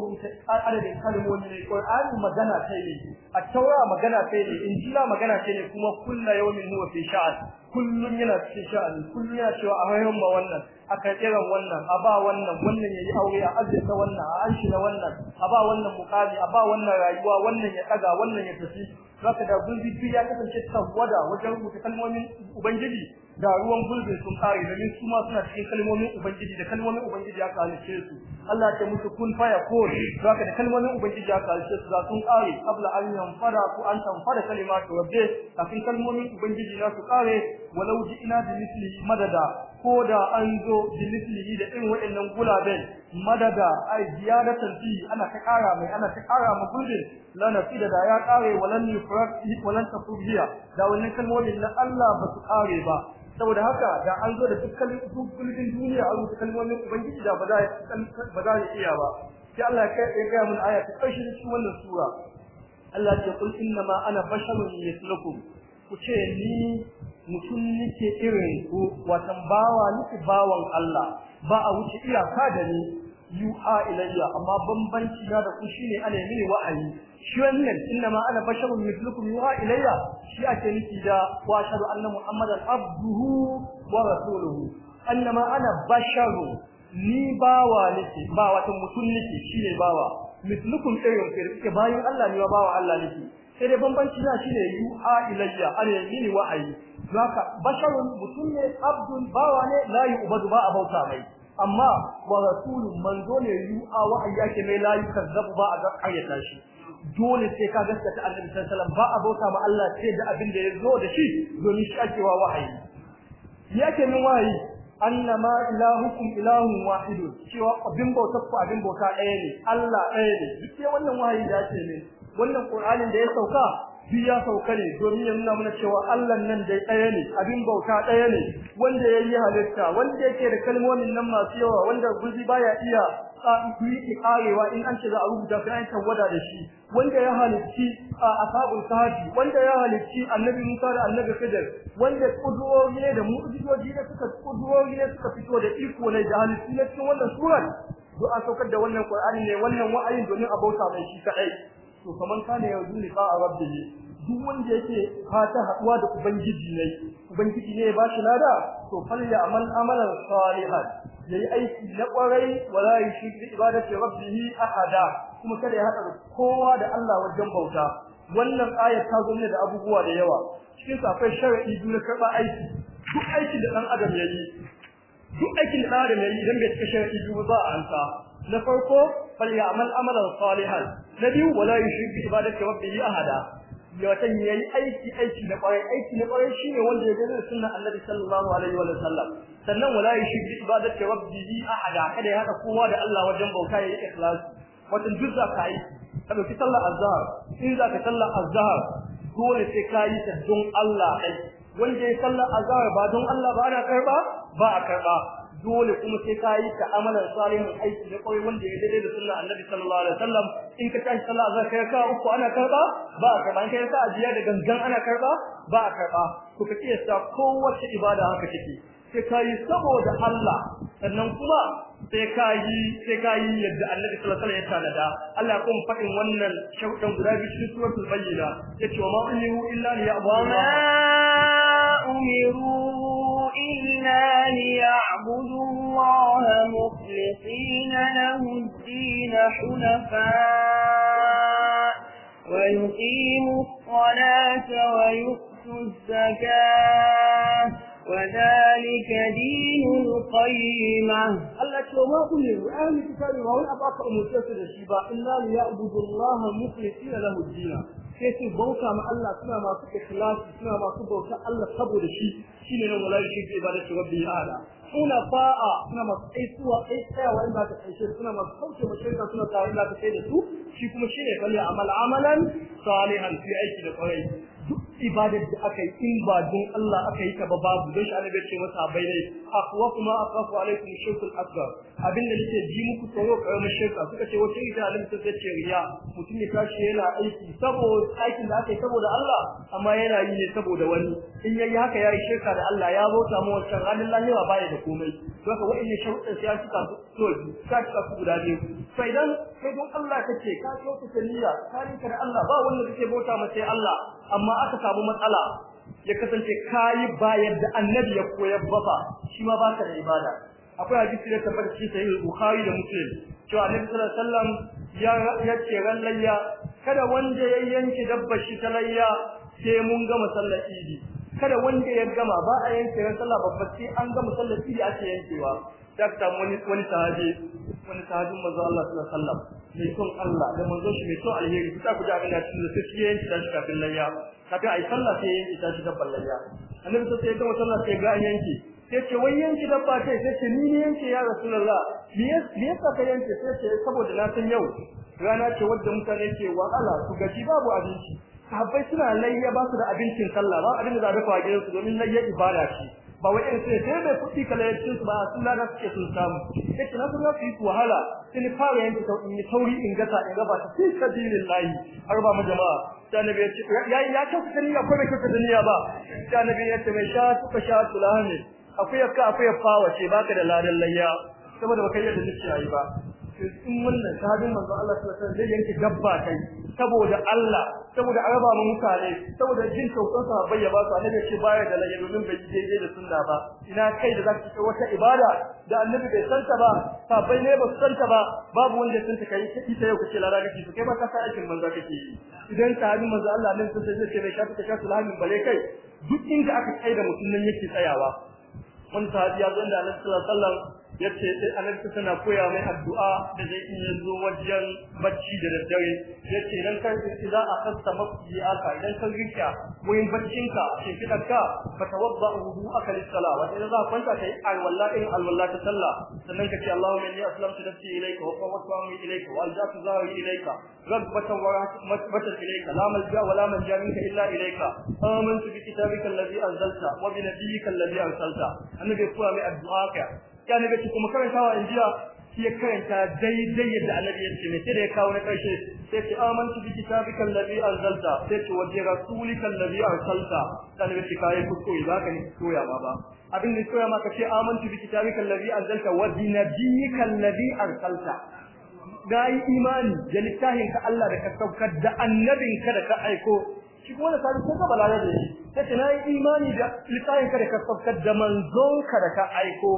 adadin kalmomi ne qur'ani magana sai ne a taura magana sai ne injila magana sai ne kuma kullu yawmin huwa fi sha'an kullun yana fi sha'an kullun yana cewa a hayyan ba wannan a karkiran wannan a ba wannan wannan yayi aure a azza wannan a anshi wannan a ba wannan mukami a ba wannan rayuwa wannan ya daga wannan ya tafi zaka da gulbi ya kasance tawada wajen rubuta kalmomin ubangiji da ruwan gulbin sun kare domin su kuma suna cikin kalmomin ubangiji da kalmomin ubangiji aka halice su Allah ya mutu kun faya ko zaka da kalmomin ubangiji ya karshe su za kare abla an yanfara ku an tanfara kalimatu rabbi kafin kalmomin ubangiji na su kare walau ji ina da misli madada ko da an zo da misli da irin waɗannan gulaben madada ai ziyadatan fi ana ta kara mai ana ta kara mu gurbin la da ya kare walan yufrak walan da wannan kalmomin na Allah ba su kare ba saboda haka da an zo da dukkan dukkan duniya a zo kalmomin ubangiji da ba za ba za iya ba sai Allah ya ya ga mun aya ta karshe cikin wannan sura Allah ya kun inna ma ana basharun yaslukum ku ce ni mutum nake irin ku watan bawa nake bawan Allah ba a wuce iyaka da ni yuha ilayya amma bambanci na da ku shine ana yi mini wa'ayi shi wannan inna ma ana basharun mithlukum yuha ilayya shi ake niki da wa ashhadu anna muhammadan abduhu wa rasuluhu annama ana basharu ni bawa nake ba wata mutum nake shine bawa mithlukum irin kirki bayin Allah ne bawa Allah nake sai dai bambanci na shine yuha ilayya ana yi mini wa'ayi zaka basharun mutum ne abdun bawa ne la yu'badu ba abauta mai amma wa rasulun manzo ne yu'a wa'ayi ayyake mai layukan yukazzabu ba a ga ayyata shi dole sai ka gaskata annabi sallallahu ba a bauta ma Allah sai da abin da ya zo da shi domin shi ake wa wahayi yake min wa'ayi annama ilahukum ilahun wahidun cewa abin bauta ku abin bauta ɗaya ne Allah ɗaya ne duk wannan wa'ayi da ce min wannan Qur'anin da ya sauka bi ya sauka ne domin ya nuna mana cewa Allah nan dai ɗaya ne abin bauta ɗaya ne wanda ya yi halitta wanda yake da kalmomin nan masu yawa wanda guzi baya iya ki karewa in an ce za a rubuta sai an tawada da shi wanda ya halicci a ashabul kahfi wanda ya halicci annabi Musa da annabi Khidir wanda kuduroyi ne da mu'jizoji ne suka kuduroyi ne suka fito da iko ne da halitti ne cikin wannan surar du'a saukar da wannan Qur'ani ne wannan wa'ayin domin a bauta mai shi kaɗai. to kaman kana yanzu ne ka rabbi duk wanda yake fata haduwa da ubangiji ne ubangiji ne ya bashi lada to a amal amalan salihan yayi aiki na kwarai wala shi bi ibadati rabbih ahada kuma kada ya hada kowa da Allah wajen bauta wannan ayat ta zo ne da abubuwa da yawa cikin sa akwai sharadi duk karba aiki duk aikin da dan adam yayi duk aikin da dan adam yayi idan bai cika sharadi duk ba a ansa na farko falyamal amalan salihan nabi wala yushrik bi ibadati rabbih ahada ya watan yayi aiki aiki na kwarai aiki na kwarai shine wanda ya gani sunnan annabi sallallahu alaihi wa sallam sannan wala yushrik bi ibadati rabbih ahada kada ya hada kowa da Allah wajen bauta yayi ikhlasi watan duk zaka yi ka dauki sallar azhar in zaka sallar azhar dole sai kayi ta don Allah kai wanda ya sallar azhar ba don Allah ba ana karba ba a karba dole kuma sai ka yi ta'amalan salihin aiki da kawai wanda ya daidai da sunnar annabi sallallahu alaihi wasallam in ka tashi sallah azhar kai ka uku ana karba ba a karba in kai ka ajiya da gangan ana karba ba a karba to ka sa kowace ibada haka take sai ka yi saboda Allah sannan kuma sai ka yi sai ka yi yadda annabi sallallahu alaihi wasallam ya tanada Allah kuma fadin wannan shaudan guda biyu cikin suratul bayyina yace wa ma umiru illa liya'budu ma umiru illa liya'budu مخلصين له الدين حنفاء ويقيموا الصلاة ويؤتوا الزكاة وذلك دين القيمة التي وما ما أمروا أهل الكتاب ما وين أبقى أمرتك الشيبة إلا ليعبدوا الله مخلصين له الدين sai su bauta ma Allah suna masu ikhlasi suna masu bauta Allah saboda shi shine nan wala shi ke ba da shi khulafa'a suna masu tsaisuwa tsaisaya wanda ta tsaishe suna masu kauce mu shirka suna tare da ta kai da su shi kuma shine balle amal amalan salihan fi aiki da kwarai duk ibadar da aka yi in ba don Allah aka yi ta ba babu don shi annabi ce masa bai ne akwa kuma akwafu alaikum shirkul akbar abin da nake ji muku tsoro karamar shirka suka ce wace ita alim ta ce riya mutum ya tashi yana aiki saboda aikin da aka yi saboda Allah amma yana yi ne saboda wani in yayi haka yayi shirka da Allah ya bauta mu wancan ranar ba baya da komai don haka ne sharuɗan sai ya cika to ka cika guda sai dan sai don Allah kace ka kyautu niyya ka rinka da Allah ba wanda kake bauta ma sai Allah amma aka samu matsala ya kasance kayi bayar da annabi ya koyar bafa shi ma baka da ibada akwai hadisi da tabbata shi sai Bukhari da Muslim cewa Annabi sallallahu alaihi wasallam ya ran layya, kada wanda ya yanke dabba shi ta layya sai mun gama sallar Idi kada wanda ya gama ba a yanke ran sallah babba sai an gama sallar Idi ake yankewa dakta wani wani sahabi wani sahabin manzo Allah sallallahu alaihi wasallam mai son Allah da manzo shi mai son alheri kuka ku ji abin da cikin sai shi yayin shi kafin layya kaga ai sallah sai yayin shi gaban layya annabi sai ya gama sallah sai ga yanki sai ce wai yanki dabba ce sai ce ni ne yanki ya rasulullah me yasa ka yanki sai ce saboda na san yau rana ce wadda mutane ke wahala su gaji babu abinci sahabbai suna layya ba su da abincin sallah ba abin da za a dafa a gidansu domin layya ibada ce ba wai irin sai sai mai kuɗi kala ya cin su ba sun da suke sun samu sai na kuma su yi wahala sun fara yanke sau in tauri in gasa in gaba ta fi sabilin layi har ba mu jama'a sai annabi ya ce ya ya ta akwai mai kuka duniya ba ta annabi ya ce mai sha ka sha tulani akwai ka akwai fawa ce baka da ladan layya saboda baka yi da nishi ba in wannan sabon manzo Allah sallallahu alaihi wasallam zai yanke dabba kai saboda Allah saboda araba mu mutane saboda jin tsokon sahabbai ya ba su annabi ce baya da lalle domin bai daidai da sunna ba ina kai da zaka ci wata ibada da annabi bai santa ba sahabbai ne ba su santa ba babu wanda ya santa kai sai ta yau kace lara kake kai ba ka sa aikin manzo kake idan sahabin manzo Allah ne sai zai ce mai shafi ta shafi lamin bale kai duk inda aka kai da mutum nan yake tsayawa wani sahabi ya zo da Allah sallallahu alaihi wasallam yace sai annabi suna koya mai addu'a da zai iya zo wajen bacci da daddare yace idan kan a kasta maqdi aka idan kan rika wurin baccin ka sai kida ka fa tawadda wudu aka lissala wa idan za kwanta kai alwala in alwala ta sallah sannan kace allahumma inni aslamtu nafsi ilayka wa qawwatu amri ilayka wa aljatu zahri ilayka rabbatan wa rahmatan ilayka la malja wa la manja minka illa ilayka amantu bi kitabika alladhi anzalta wa bi nabiyyika alladhi arsalta annabi koya mai addu'a ka ya naga ci kuma karantawa injiya shi ya karanta daidai yadda annabi ya ce sai da ya kawo na karshe sai ce amantu bi kitabikal ladhi anzalta sai ce wa bi rasulikal ladhi arsalta annabi ce kai kuskure zaka ni koya ba ba abin da koya ma ka ce amantu bi kitabikal ladhi anzalta wa bi nabiyikal ladhi arsalta ga yi imani da littafin ka Allah da ka saukar da annabin ka da ka aiko shi kuma da sabi ko ka balaga da shi sai na nayi imani da littafin ka da ka saukar da manzon ka da ka aiko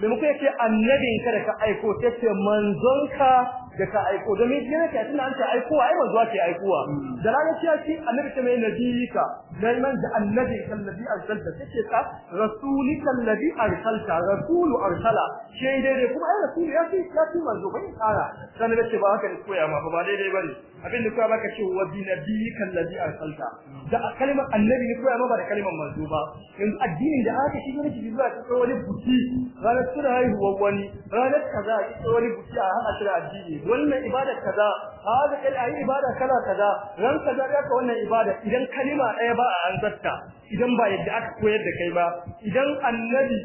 da ya yake annabin ka da ka aiko take manzonka da ka aiko domin jira ka tunda an ce aikowa ai manzuwa ke aikowa da ranar ciya ce annabi ta mai nabi ka neman da annabi kallabi arsalta take ta rasuli kallabi arsalta rasulu arsala shi dai dai kuma ai rasulu ya ce ya ce manzo bai kara kan da ce ba haka ne koya ma ba dai dai bane abin da kuma baka ce wa bi nabi kallabi arsalta da kalmar annabi ne koya ma ba da kalmar manzo ba yanzu addinin da aka shi ne ji zuwa cikin wani buti ranar sura haihuwar wani ranar kaza cikin wani buti a haka shi addini wannan ibadar kaza a kai yi ibada kana kaza ran kaza da ka wannan ibada idan kalima ɗaya ba a anzarta idan ba yadda aka koyar da kai ba idan annabi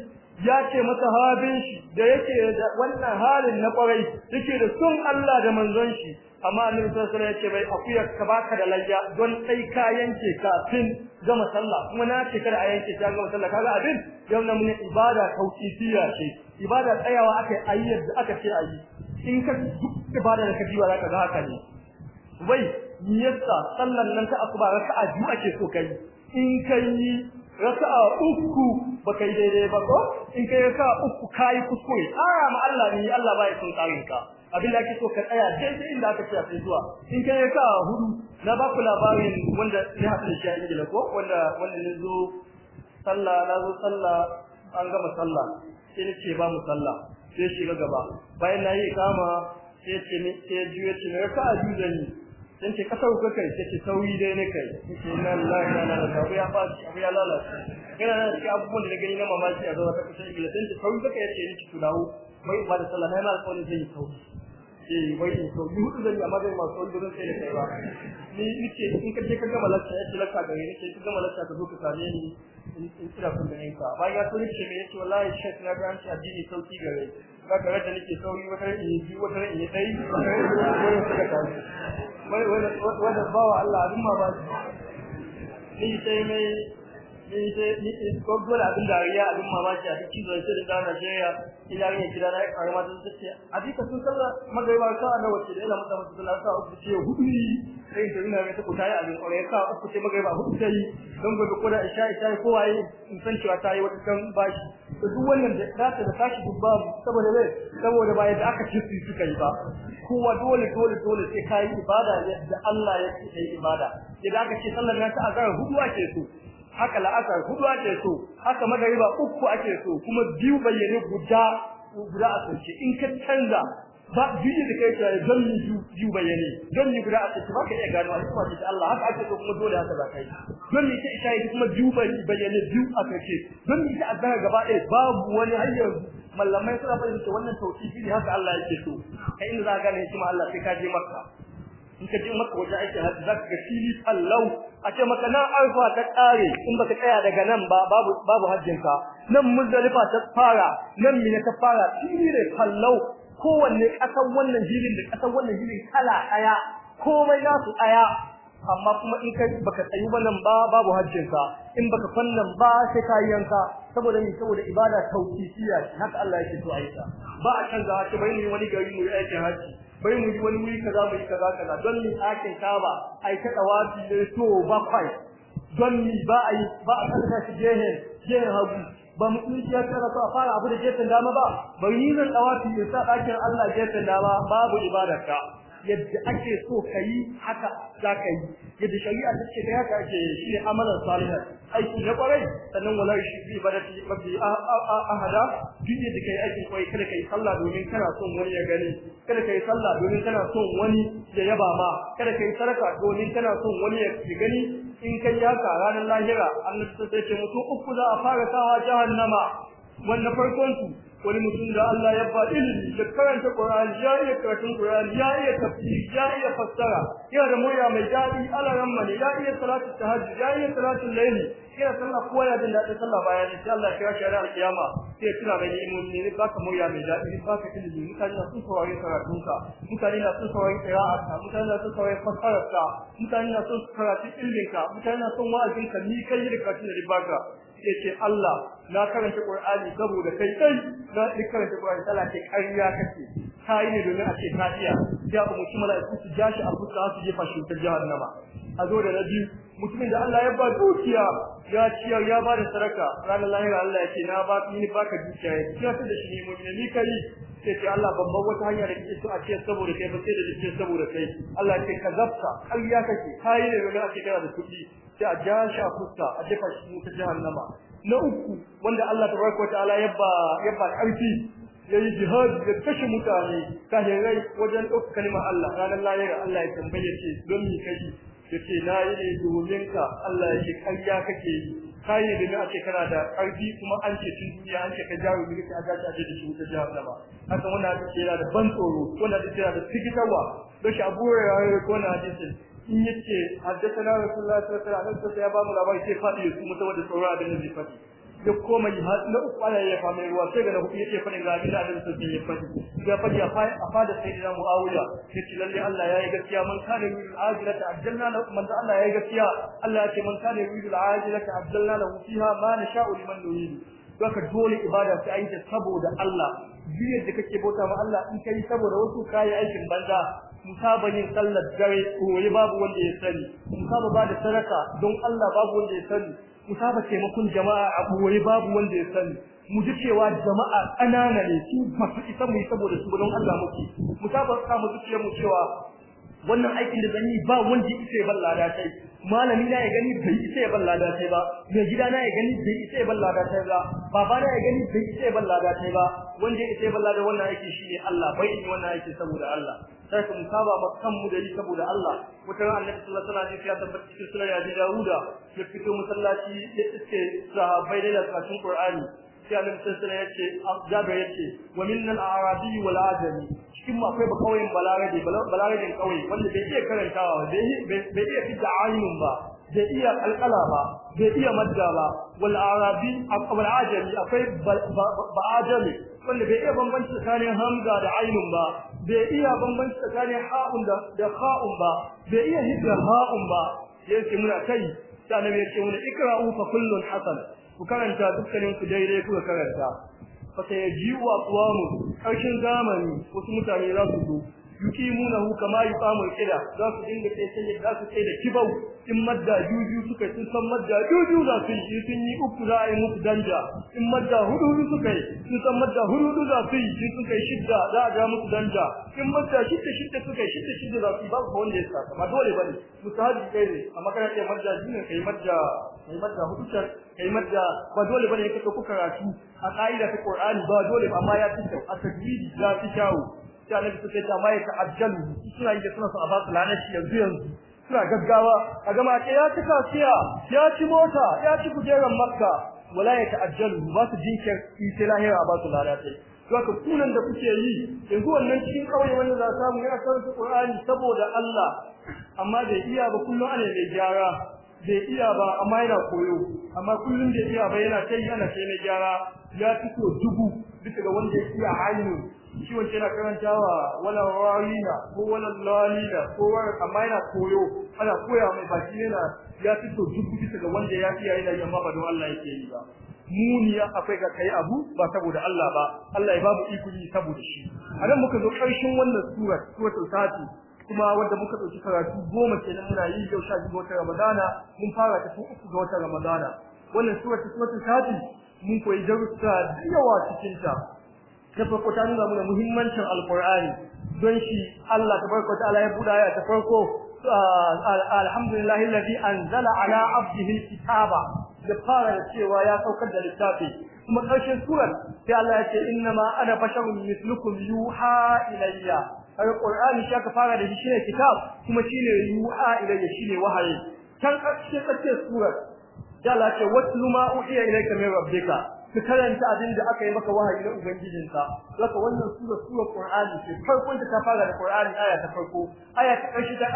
ya ce masa habin shi da yake da wannan halin na kwarai yake da sun Allah da manzon shi amma annabi sallallahu alaihi wasallam ya bai akuyar ka baka da layya don sai ka yanke kafin gama sallah kuma na ce kada a yanke ka gama sallah kaga abin yau na mun ibada tauqifiyya ce ibada tsayawa aka yi ayyar da aka ce ayi in ka duk bada da kaji wala ka ga haka ne wai yasa sallan nan ta asuba rasa biyu ake so kai in kai a uku ba kai daidai ba ko in kai a uku kai kuskure ara ma Allah ne Allah ba ya son tsarin ka abin da ake so ka tsaya daidai inda aka ce sai zuwa in kai a hudu na ba ku labarin wanda ya haɗa shi a Ingila ko wanda wanda ne zo sallah na zo sallah an gama sallah sai ce ba mu sallah sai shiga gaba bayan nayi kama sai ce ni sai juye ce ne ka aju da ni sai ce ka sauka kai sai ce sauyi dai ne kai sai na Allah ya lalata abu ya fashi abu ya lalata kana na cikin abubuwan da gani na mamaki a zuwa ta kusa ibila sai ce sauyi kai yace ni ki dawo bai ba da sallah na ma alƙawarin zai sauki eh wai in sauyi hudu zai amma dai masu wani gurin sai da kai ba ni ce in ka je ka gama lacca yace lacca gare ni sai ka gama lacca ka zo ka same ni in kira kun ne. bayan ya tuni ce yace na ga shi addini sauki gare zaka da nake sauri wata ran in ji wata dai wai wai wai Allah abin ma ba ni sai mai ko dole abin dariya abin mamaki a cikin zuwa sai da Najeriya idan ya kira na karama da take a duka sun san magariba ka na wace da lamu mutum Allah sa uku ce hudu sai da ina mai tuku tayi abin aure ka uku ce magariba hudu sai don gobe ko da isha isha ko waye in san cewa tayi wata kan bashi to duk wannan da zaka da tashi dubba saboda ne saboda ba yadda aka ci suka yi ba kowa dole dole dole sai kai ibada yadda Allah ya ce kai ibada idan aka ce sallar nan ta azhar hudu ake so haka la'asar hudu ake so haka magariba uku ake so kuma biyu bayyane guda guda a sauce in ka canza ba biyu da kai tare don ni biyu bayyane don ni guda a sauce ba ka iya gano a cikin da Allah haka ake so kuma dole haka za ka yi don ni sai ita kuma biyu bayyane biyu a sauce don ni sai azhar gaba ɗaya babu wani hanyar mallamai suna fahimta wannan tauhidi ne haka Allah yake so kai inda za ka gane ma Allah sai ka je Makka in ka je maka waje aikin hajji zaka ga fili kallau. a ce maka nan arfa ta kare in baka tsaya daga nan ba babu babu nan muzdalifa ta fara nan mina ta fara fili ne kallau. kowanne kasan wannan hilin da kasan wannan hilin kala ɗaya. komai nasu ɗaya. amma kuma in kai baka tsayu ba nan ba babu hajjin ka in baka fannan ba sai ka yanka saboda ni saboda ibada tauqifiya haka Allah yake so aika ba a canza haka bai ne wani gari mu yi aikin hajji bai mu yi wani wuri kaza mu yi kaza kaza don ni akin kaba ai ta dawafi da to bakwai don ni ba a yi ba a kasa shi hagu ba mu tsinci ya tsara a fara abu da gefen dama ba bai yi zan dawafi da sa dakin Allah gefen dama babu ibadarka yadda ake so kai haka za ka yi yadda shari'a ta ce kai haka ake shi ne amalan salihan aiki na kwarai sannan wala shi bi badati mabdi ahada duk yadda kai aiki kwarai kada kai sallah domin kana son wani ya gani kada kai sallah domin kana son wani ya yaba ma kada kai sarka domin kana son wani ya gani in kai ya yaka ranar lahira annabi sai ce mutum uku za a fara sawa jahannama wanda farkon su wani mutum da Allah ya ba ilimi da karanta Qur'ani ya iya karatun Qur'ani ya iya tafi, ya iya fassara yana da murya mai daɗi alaran mani ya iya salatu tahajjud ya iya salatu laini, yana sallah kowa ya dinda da sallah bayan insha Allah kira shi ranar kiyama sai tuna mai imomi ne ka murya mai daɗi ka baka ne, mutane na sun saurari karatunka mutane na sun saurari ka mutane na sun saurari ka mutane na sun karatu ka mutane na son wa'azinka ni kai da karatun da ribaka sai ce Allah na karanta Qur'ani saboda kai kai na karanta Qur'ani sai ce kariya kake ta yi ne domin a ce ta iya ya mutum mala'iku su ja shi a fuska su je fashin ta jahannama a zo da na mutumin da Allah ya ba dukiya ya ciyar ya ba da saraka ranar lahira Allah ya ce na ba ni baka dukiya ya ci da shi ne mu ne ni kai sai ce Allah ban bar wata hanya da kike so a ce saboda kai ba sai da kike saboda kai Allah ya ce ka zabta ƙarya kake kai ne ga ake kana da kuɗi sai a ja shi a fuska a dafa shi ta jahannama na uku wanda Allah tabaraka wataala ya ba ya ba ƙarfi yayi jihad ya kashe mutane kahirai wajen ɗaukar kalmar Allah ranar lahira Allah ya tambaye ce don me kai yace na yi ne domin ka Allah ya ce ƙarya kake yi kayi da ake kana da karfi kuma an ce cin duniya an ce ka jawo mu ka ga ta da shi ta jawo ba haka wannan da kira da ban tsoro wannan da ke da tikitarwa don shi abu ya yi ko na hadisi in yace na rasulullahi sallallahu alaihi wasallam ya ba mu labari sai fadi su mutawa da tsoro abin da zai fadi ya koma na uku ana ya kama ruwa sai ga na hudu yake fadin ga abin da Allah sun yi fadi ya fadi a fada sayyidina Muawiya yace lalle Allah yayi gaskiya man kana yuridul ajilata na lahu man Allah yayi gaskiya Allah yace man kana yuridul ajilata na lahu fiha ma sha'u liman nurid haka dole ibada ta aiki saboda Allah jiya da kake bauta ma Allah in kai saboda wasu kai aikin banza saba yin sallar dare yi babu wanda ya sani musaba ba da sadaka don Allah babu wanda ya sani mu ce taimakon jama'a a wai babu wanda ya sani mu ji cewa jama'a kanana ne su masu isa mu saboda su don Allah muke mu saba mu zuciyar mu cewa wannan aikin da zan yi ba wanda yake ya balla da sai malami na ya gani bai isa ya balla da sai ba mai gida na ya gani bai isa ya balla da sai ba baba na ya gani bai isa ya balla da sai ba wanda ya isa ya balla da wannan aiki shine Allah bai ni wannan aiki saboda Allah sai mu saba ma kanmu da yi saboda Allah wata ran Annabi sallallahu alaihi wasallam ya tabbata cikin sunan Abi Dawuda ya fito musallaci, ya tsaye sahabbai da karatun Qur'ani sai Annabi sallallahu alaihi wasallam ya ce ah, Jabir ya ce wa minnal arabi wal ajami cikin mu akwai bakawin balarabe balarabin kauye wanda bai iya karantawa bai iya fita ayyun ba bai iya alƙala ba bai iya madda ba wal arabi wal ajami akwai ba ajami wanda bai iya bambanci tsakanin hamza da ainun ba bai iya bambanci tsakanin ha'un da ba bai iya hidda ha'un ba yake muna kai sai yake muna ikra'u fa kullun hasan ku karanta dukkanin ku daidai kuka karanta fa sai jiwa qawamu karshen zamani wasu mutane za su zo yuqimunahu kama yuqamu al-qida za su dinga sai sai za su sai da kibau in madda juju suka sun san madda juju za su yi sun yi uku za a yi muku danja in madda hudu suka yi sun san madda hudu za su yi sun kai shidda za a ga muku danja in madda shidda shidda suka yi shidda shidda za su yi ba ku wanda ya dole ba dole bane Haji kai ne a kana ce madda juju kai madda kai madda hudu kai madda ba dole bane ya kuka karatu a kaida ta Qur'ani ba dole ba amma ya fi kyau a tajwidi za fi kyau ya nabi suka ce amma ya ta'ajjalu suna yi suna su a basu lana shi yanzu yanzu suna gaggawa a gama ce ya ci kasiya ya ci mota ya ci kujeran makka wala ya ta'ajjalu ba su jinkin ita lahira a basu lanar sai zaka kunan da kuke yi yanzu wannan cikin kauye wanda za samu ya karanta Qur'ani saboda Allah amma bai iya ba kullum ana mai gyara bai iya ba amma yana koyo amma kullum bai iya ba yana kai yana kai na gyara ya fito dubu duka ga wanda ya iya hannu shi wance yana karantawa wala rawina ko wala lalina ko wala amma yana koyo ana koya mai baki yana ya fito duk bisa ga wanda ya iya yana yamma ba don Allah yake yi ba ya akwai ga kai abu ba saboda Allah ba Allah ya babu iko ni saboda shi a nan muka zo karshen wannan sura suratul fati kuma wanda muka dauki karatu goma kenan muna yi yau sha biyu wata Ramadana mun fara ta tun uku ga wata Ramadana wannan sura suratul fati mun koyi darussa da yawa cikin ta na farko ta nuna mana muhimmancin alkur'ani don shi Allah ta ta ta'ala ya buɗa ya ta farko alhamdulillahi alladhi anzala ala abdihi alkitaba da fara da cewa ya saukar da littafi kuma ƙarshen surar sai Allah ya ce inna ma ana basharun mislukum yuha ilayya alqur'ani shi aka fara da shi ne kitab kuma shi ne yuha ilayya ne wahayi kan ƙarshe ƙarshe surar da Allah ya ce watlu ma uhiya ilayka min rabbika ka karanta abin da aka yi maka wahayi na ubangijinka zaka wannan sura sura qur'ani ce farkon ta fara da qur'ani aya ta farko aya ta karshe ta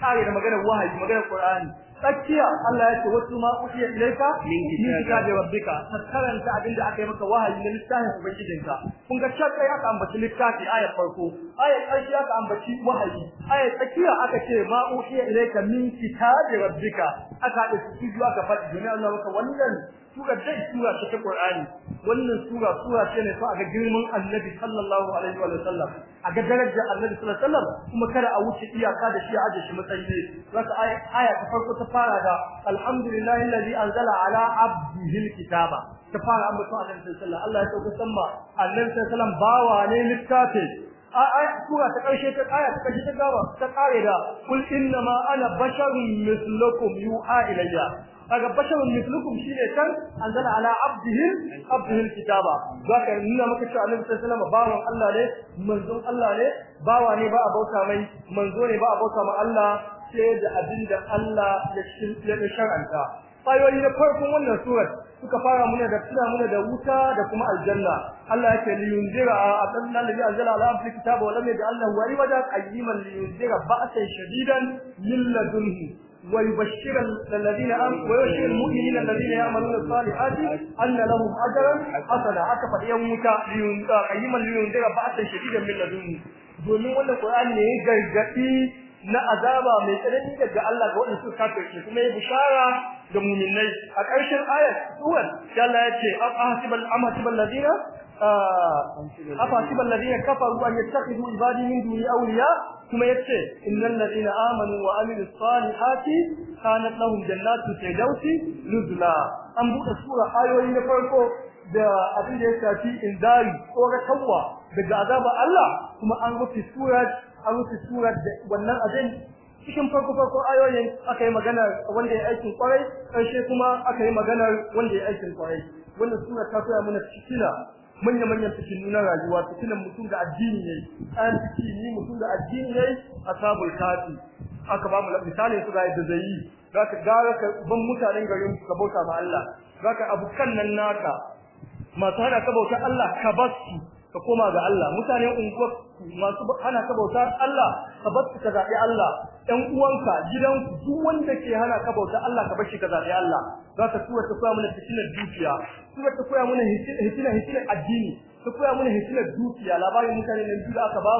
kare da maganar wahayi maganar qur'ani tsakiya Allah ya ce wasu ma uhiya ilaika min kitabi rabbika ka karanta abin da aka yi maka wahayi na littafin ubangijinka kun ga cewa kai aka ambaci littafi aya farko aya karshe aka ambaci wahayi aya tsakiya aka ce ma uhiya ilaika min kitabi rabbika aka da su aka fadi duniya Allah maka wannan sura dai sura ce ta Qur'ani wannan sura sura ce ne fa ga girman Annabi sallallahu alaihi wa sallam a ga darajar Annabi sallallahu alaihi wa sallam kuma kada a wuce iyaka da shi a aje shi matsayi zaka aya ta farko ta fara da alhamdulillahi alladhi anzala ala abdihi alkitaba ta fara ambato Annabi sallallahu alaihi wa sallam Allah ya sauka sama Annabi sallallahu alaihi wa sallam bawa ne littafi sura ta karshe ta aya ta karshe ta gaba ta kare da kul inna ma ana basharun mislukum yu'a ilayya kaga basharun mislukum shine kan anzala ala abdihi abdihi alkitaba zaka nuna maka cewa annabi sallallahu alaihi wasallam bawan Allah ne manzon Allah ne bawa ne ba a bauta mai manzo ne ba a bauta ma Allah sai da abinda Allah ya shar'anta ayoyi na farkon wannan surat suka fara muna da tuna muna da wuta da kuma aljanna Allah yake li yunzira atanna alladhi anzala ala abdi kitaba wa lam yaj'al lahu iwaja qayyiman li yunzira ba'san shadidan min ladunhu ويبشر الذين امنوا ويبشر المؤمنين الذين يعملون الصالحات ان لهم اجرا حسنا haka fa yan wuta liyun qayyiman liyun daga ba'atan min domin wannan qur'ani ne gargadi na azaba mai tsanani daga Allah ga waɗanda suka kafirce kuma ya bishara da mu'minai a ƙarshen ayat suwar Allah ya ce a ahsibal am ladina أفحسب الذين كفروا أن يتخذوا عبادي من دوني أولياء ثم يتشي إن الذين آمنوا وعملوا الصالحات كانت لهم جنات الفردوس نزلا أن بوɗe sura ayoyi na farko da abin da ya shafi indari tsoratarwa daga azabar Allah kuma an rufe surat da wannan cikin farko farko ayoyin aka yi magana wanda ya aikin kwarai ƙarshe kuma aka yi magana wanda ya aikin kwarai wannan sura ta koya mana cikila manya-manyan fitinu na rayuwa fitinan mutum da addini ne an fitini mutum da addini ne a ashabul kafi aka ba mu misalin su ga yadda zai yi zaka gara ka ban mutanen garin ka bauta ma Allah zaka kan nan naka masu haɗa ka bauta Allah ka basu ka koma ga Allah mutane unguwa masu hana ka bauta Allah ka bar ka zabi Allah ɗan uwanka gidanku duk wanda ke hana ka bauta Allah ka bar shi ka zabi Allah za ka tura ta koya mana fitinar dukiya tura ta koya mana hikima hikima addini ta koya mana hikima dukiya labarin mutane ne biyu aka ba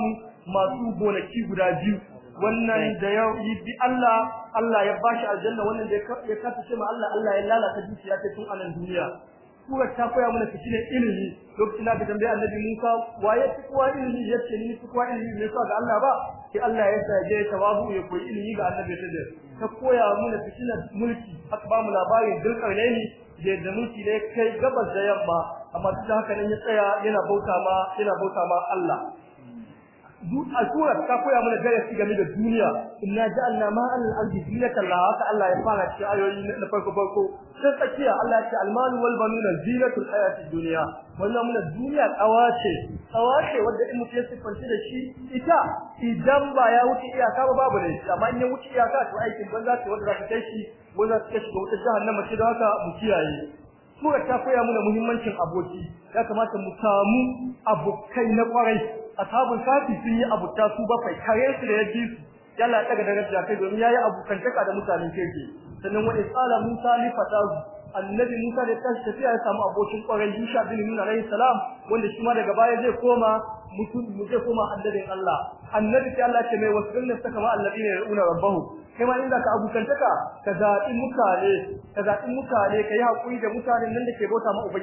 mu masu gonaki guda biyu wannan da ya yi bi Allah Allah ya bashi aljanna wannan da ya kafa ma Allah Allah ya lalata dukiya ta tun anan duniya surar ta koya mana fitinar ilimi lokacin da aka tambaye annabi Musa waye fi kowa ilimi ce ni fi kowa ilimi ne sa ga Allah ba sai Allah ya ta babu ya koyi ilimi ga annabi da ta koya mana fitinar mulki aka ba mu labarin dulkarnaini da da mulki da kai gabas da yamma amma duk haka nan ya tsaya yana bauta ma yana bauta ma Allah a surar ta koya mana darasi game da duniya inna ja'alna ma'al ardi zinatan laha haka Allah ya fara cikin ayoyi na farko farko sai tsakiya Allah ya ce almalu wal banuna zinatul hayati dunya wannan mun duniya kawace kawace wanda in mutum ya sifanci da shi ita idan ba ya wuce iyaka ba babu ne amma in ya wuce iyaka to aikin banza ce wanda za ka kai shi wanda za ka shi ga wutar jahannama ce da haka mu kiyaye Sura ta koya mana muhimmancin aboki, ya kamata mu samu abokai na kwarai, ashabun safi sun yi abuta su bakwai kare su da yaji su yalla daga daraja kai domin yayi abukantaka da mutanen keke sannan wani tsala musa li annabi musa da kan tafiya ya samu abokin kwarai Isha bin nun alayhi salam wanda shi ma daga baya zai koma mutum zai koma annabin Allah annabi sai Allah ke mai wasilna saka ma alladina yaruna rabbahu kai ma inda ka taka ka zaɓi mutane ka zaɓi mutane ka yi haƙuri da mutanen nan da ke bauta ma su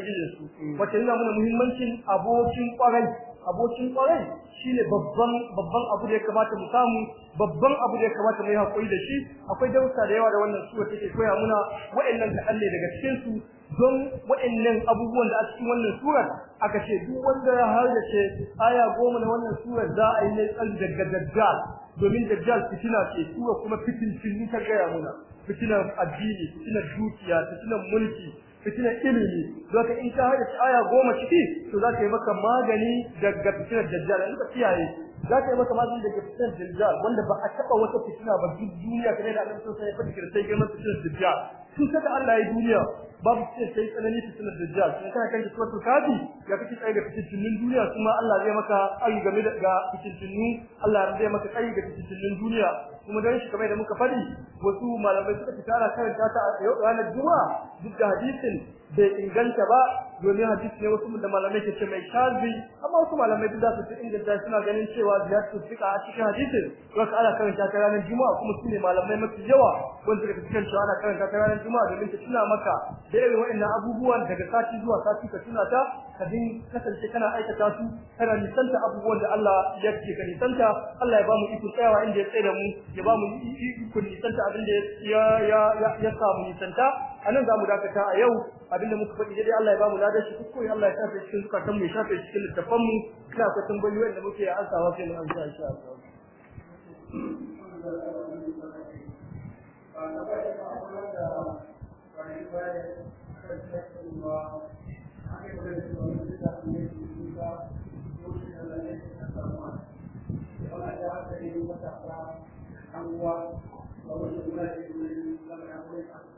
Wace yana mana muhimmancin abokin kwarai abokin kwarai shine ne babban abu da ya kamata mu samu babban abu da ya kamata mu yi hakuri da shi akwai dausa da yawa da wannan sura take koya muna wa'annan da Allah daga cikin su don wa'annan abubuwan da a cikin wannan surar aka ce duk wanda ya harjace aya goma na wannan surar za a yi ne tsan daga dajjal domin dajjal fitina ce sura kuma fitin cin ta gaya muna fitinar addini fitinar dukiya fitinar mulki fitinar ilimi doka in ka hada aya goma ciki to za ka yi maka magani daga fitinar dajjal in ka kiyaye za ka yi maka magani daga fitinar dajjal wanda ba a taba wata fitina ba duk duniya kare da Allah sai ya fadi yi girman fitinar dajjal sun saka Allah ya yi duniya babu fitinar sai tsanani fitinar dajjal sai kana kan suratul kafi ya kake tsaye da fitinin duniya kuma Allah zai maka ayi game da fitinin Allah zai maka ayi da fitinin duniya kuma dan shi kamar da muka fadi wasu malamai suka tsara karanta ta a yau ranar juma'a duk da hadisin bai inganta ba domin hadisi ne wasu da malamai ke ce mai shazi amma wasu malamai duk da su inganta suna ganin cewa su fika a cikin hadisi. wasu ana karanta ta ranar juma'a kuma su ne malamai mafi yawa wanda daga cikin su ana karanta ta ranar juma'a domin ta tuna maka da irin waɗannan abubuwan daga sati zuwa sati ka tuna ta ka din kasance kana aikata su kana nisanta abubuwan da Allah ya ce ka nisanta Allah ya ba mu iko tsayawa inda ya tsaya mu ya ba mu iko nisanta abin da ya ya ya samu nisanta anan za mu dakata a yau abinda muka faɗi dai Allah ya ba mu da shi duk koyi Allah ya shafe cikin zukatan mu ya shafe cikin littafan mu ina akwai tambayi wanda muke ya ansawa sai mu amsa insha Allah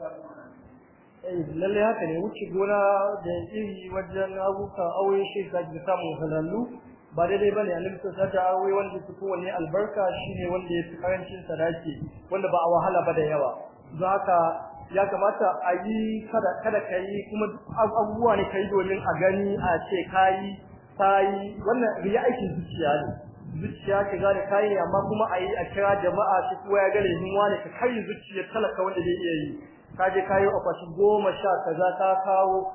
Thank you. Eh, lalle haka ne wuce gona da iri wajen abuka aure shi ka ji samun halallu ba daidai bane annabi sallallahu alaihi aure wanda su kowane albarka shine wanda ya fi karancin sadaki wanda ba a wahala ba da yawa don haka ya kamata a yi kada kada kai kuma abubuwa ne kai domin a gani a ce kai kai wannan riya aikin zuciya ne zuciya ka gane kai amma kuma a yi a kira jama'a su kowa ya gane hin ne ka kai zuciya talaka wanda zai iya yi Kaje kayo akwati goma sha kaza ka kawo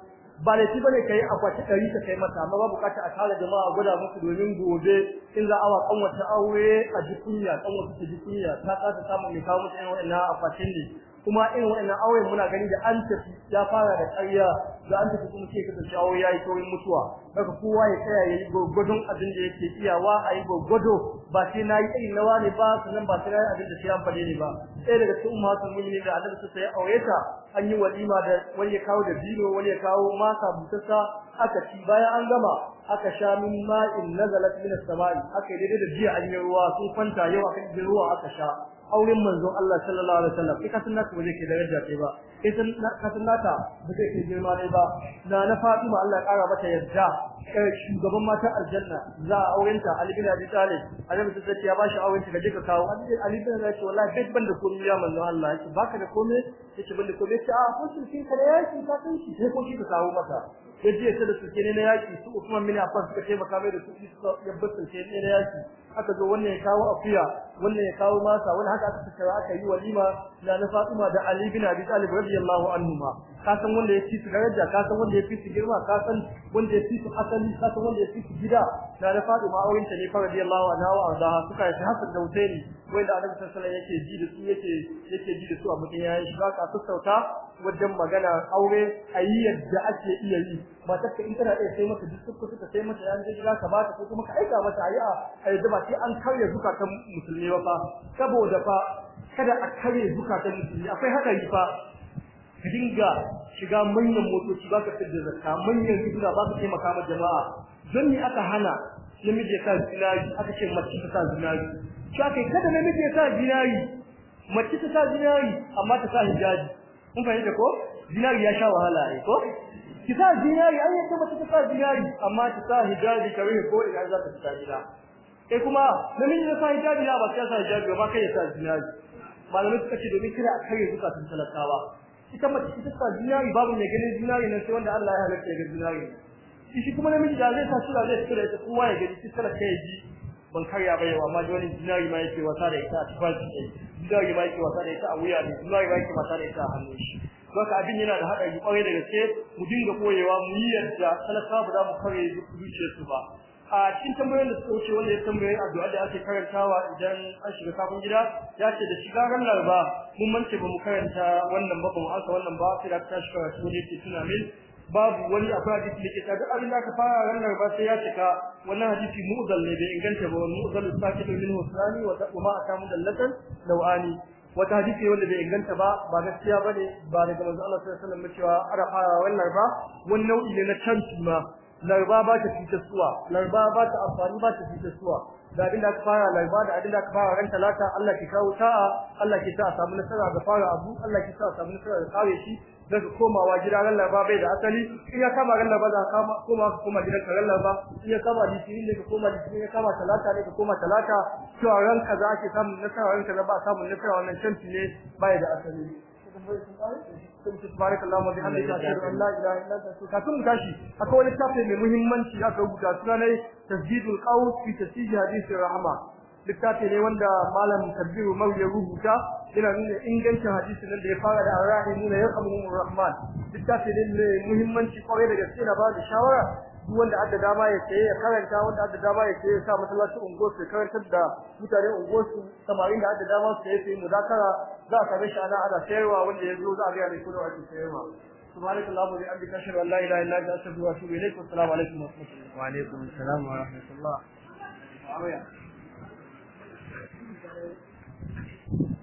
ba da bane kai akwati kari ka kai mata amma babu kata a tare jama'a ma'a gwada musu domin gobe in za awa kan wata aure a jikunya kan wata ta jikunya ta kasa samun mai kawo mutane akwati ne kuma irin wannan auren muna gani da an tafi ya fara da ƙarya da an tafi kuma sai ka tafi ya yayi saurin mutuwa kaga kowa ya tsaya yayi gogodon abin da yake iyawa ayi gogodo ba sai nayi irin nawa ne ba sannan ba sai abin da sai an fade ne ba sai daga cikin ummatul mu'minin da Allah ta sai aure ta an yi walima da wani ya kawo da dino wani ya kawo masa butasa aka ci bayan an gama aka sha min ma'in nazalat min as-sama'i aka yi daidai da jiya an yi ruwa sun kwanta yau aka yi ruwa aka sha auren manzon Allah sallallahu alaihi wasallam kai kasan naka ba zai kai daraja sai ba kai kasan naka ba zai kai girma ne ba na na Fatima Allah ya kara mata yadda Eh, shugaban mata aljanna za a aurenta Ali bin Abi Talib bin sai ya bashi aurenta ga duka kawo Ali bin Abi Talib wallahi duk banda komai ya manzo Allah ce baka da komai yace banda komai ta a ah, kusin sai kare yaki ka san shi sai ko shi ka kawo maka yaji ya da suke ne na yaki su Usman bin Affan suka taimaka mai da su ya yabbata sai ne na yaki aka zo wannan ya kawo afiya wannan ya kawo masa wani haka aka tsaya aka yi walima na na Fatima da Ali bin Abi Talib radiyallahu anhuma ka san wanda ya fi su daraja ka san wanda ya fi su girma ka san wanda ya fi su asali ka wanda ya gida na da Fatima auren ta ne fa radiyallahu anha wa arda suka yi hasan da Husaini wanda Annabi sallallahu yake ji da su yake yake ji da su a mutum yayin shi baka sassauta wajen magana aure ayi yadda ake iya yi ba ta kai tana da sai maka duk suka suka sai mata yayin gida ka bata ko kuma ka aika mata ayi a yadda ba sai an karya zukatan musulmi ba fa saboda fa kada a karya zukatan musulmi akwai haka yi fa ka dinga shiga manyan motoci ba ka fidda zakka manyan riguna ba ka taimaka ma jama'a don me aka hana namiji ya sa zinari aka ce mace ta sa zinari shi aka yi kada namiji ya sa zinari mace ta sa zinari amma ta sa hijabi kun fahimta ko zinari ya sha wahala ne ko ki sa zinari an ta mace ta sa zinari amma ta sa hijabi ka rufe ko ina za ta fita gida kai kuma namiji ya sa hijabi ba ta sa hijabi ba kai ya sa zinari malamai suka ce domin kira a kare zukatun talakawa ita mace ita ta zinari babu mai ganin zinari nan sai wanda Allah ya halatta ya ga zinari shi kuma namiji da zai tashi da zai fita ita kowa ya gani shi talaka kai ji ban karya bai amma wani zinari ma yake wasa da ita a cikin shi zinari ma yake wasa da ita a wuya ne zinari ma yake wasa da ita a hannun shi ka abin yana da haɗari kwarai da gaske mu dinga koyewa mu yi yadda talaka ba za mu kare zuciyarsu ba a cikin tambayoyin da suka wuce wanda ya tambaye addu'a da ake karantawa idan an shiga kafin gida ya ce da shiga ran laraba mun mance ba mu karanta wannan ba ba mu aka wannan ba sai da ta shiga karatu ne ke tuna min babu wani akwai hadisi da ke ta duk abin da aka fara ran laraba sai ya cika wannan hadisi mu'zal ne bai inganta ba wani mu'zal sakitu min wasani wa taquma akamu dallatan lawani wata hadisi wanda bai inganta ba ba gaskiya bane ba daga manzo Allah sallallahu alaihi wasallam cewa fara ran laraba wani nau'i ne na can suna larba ba ta suwa larba ba ta amfani ba ta suwa da abin da aka fara larba da abin da aka fara ran talata Allah ki kawo ta'a Allah ki sa samu nasara ga fara abu Allah ki sa samu nasara da kawo shi daga komawa gida ran larba bai da asali in ya kama ran larba da kama koma koma gidan ran larba in ya kama litinin ne ka koma litinin ya kama talata ne ka koma talata cewa ran ka za ake samun nasara ran za ba samun nasara wannan canci ne bai da asali sun ci tabaraka Allah wa bihamdihi ashhadu an la ilaha illa anta astaghfiruka kafin tashi akwai wani tafi mai muhimmanci aka rubuta ne tasjidul qaus fi tasjid hadithir rahma littafi ne wanda malam kabiru mau ya rubuta yana nuna ingancin hadisi nan da ya fara da arrahimuna yarhamuhumur rahman littafi ne mai muhimmanci kwarai da gaske na ba da shawara wanda aka dama ya tsaye ya karanta wanda aka dama ya tsaye ya sa masallaci ungo su karantar da mutane ungo su samarin da aka dama su tsaye mu muzakara za ka ga shana ana sayarwa wanda ya zo za a ga ne da ake sayarwa سبحانك اللهم وبحمدك اشهد ان لا wa الا انت wa wa alaykum assalam wa rahmatullahi wa barakatuh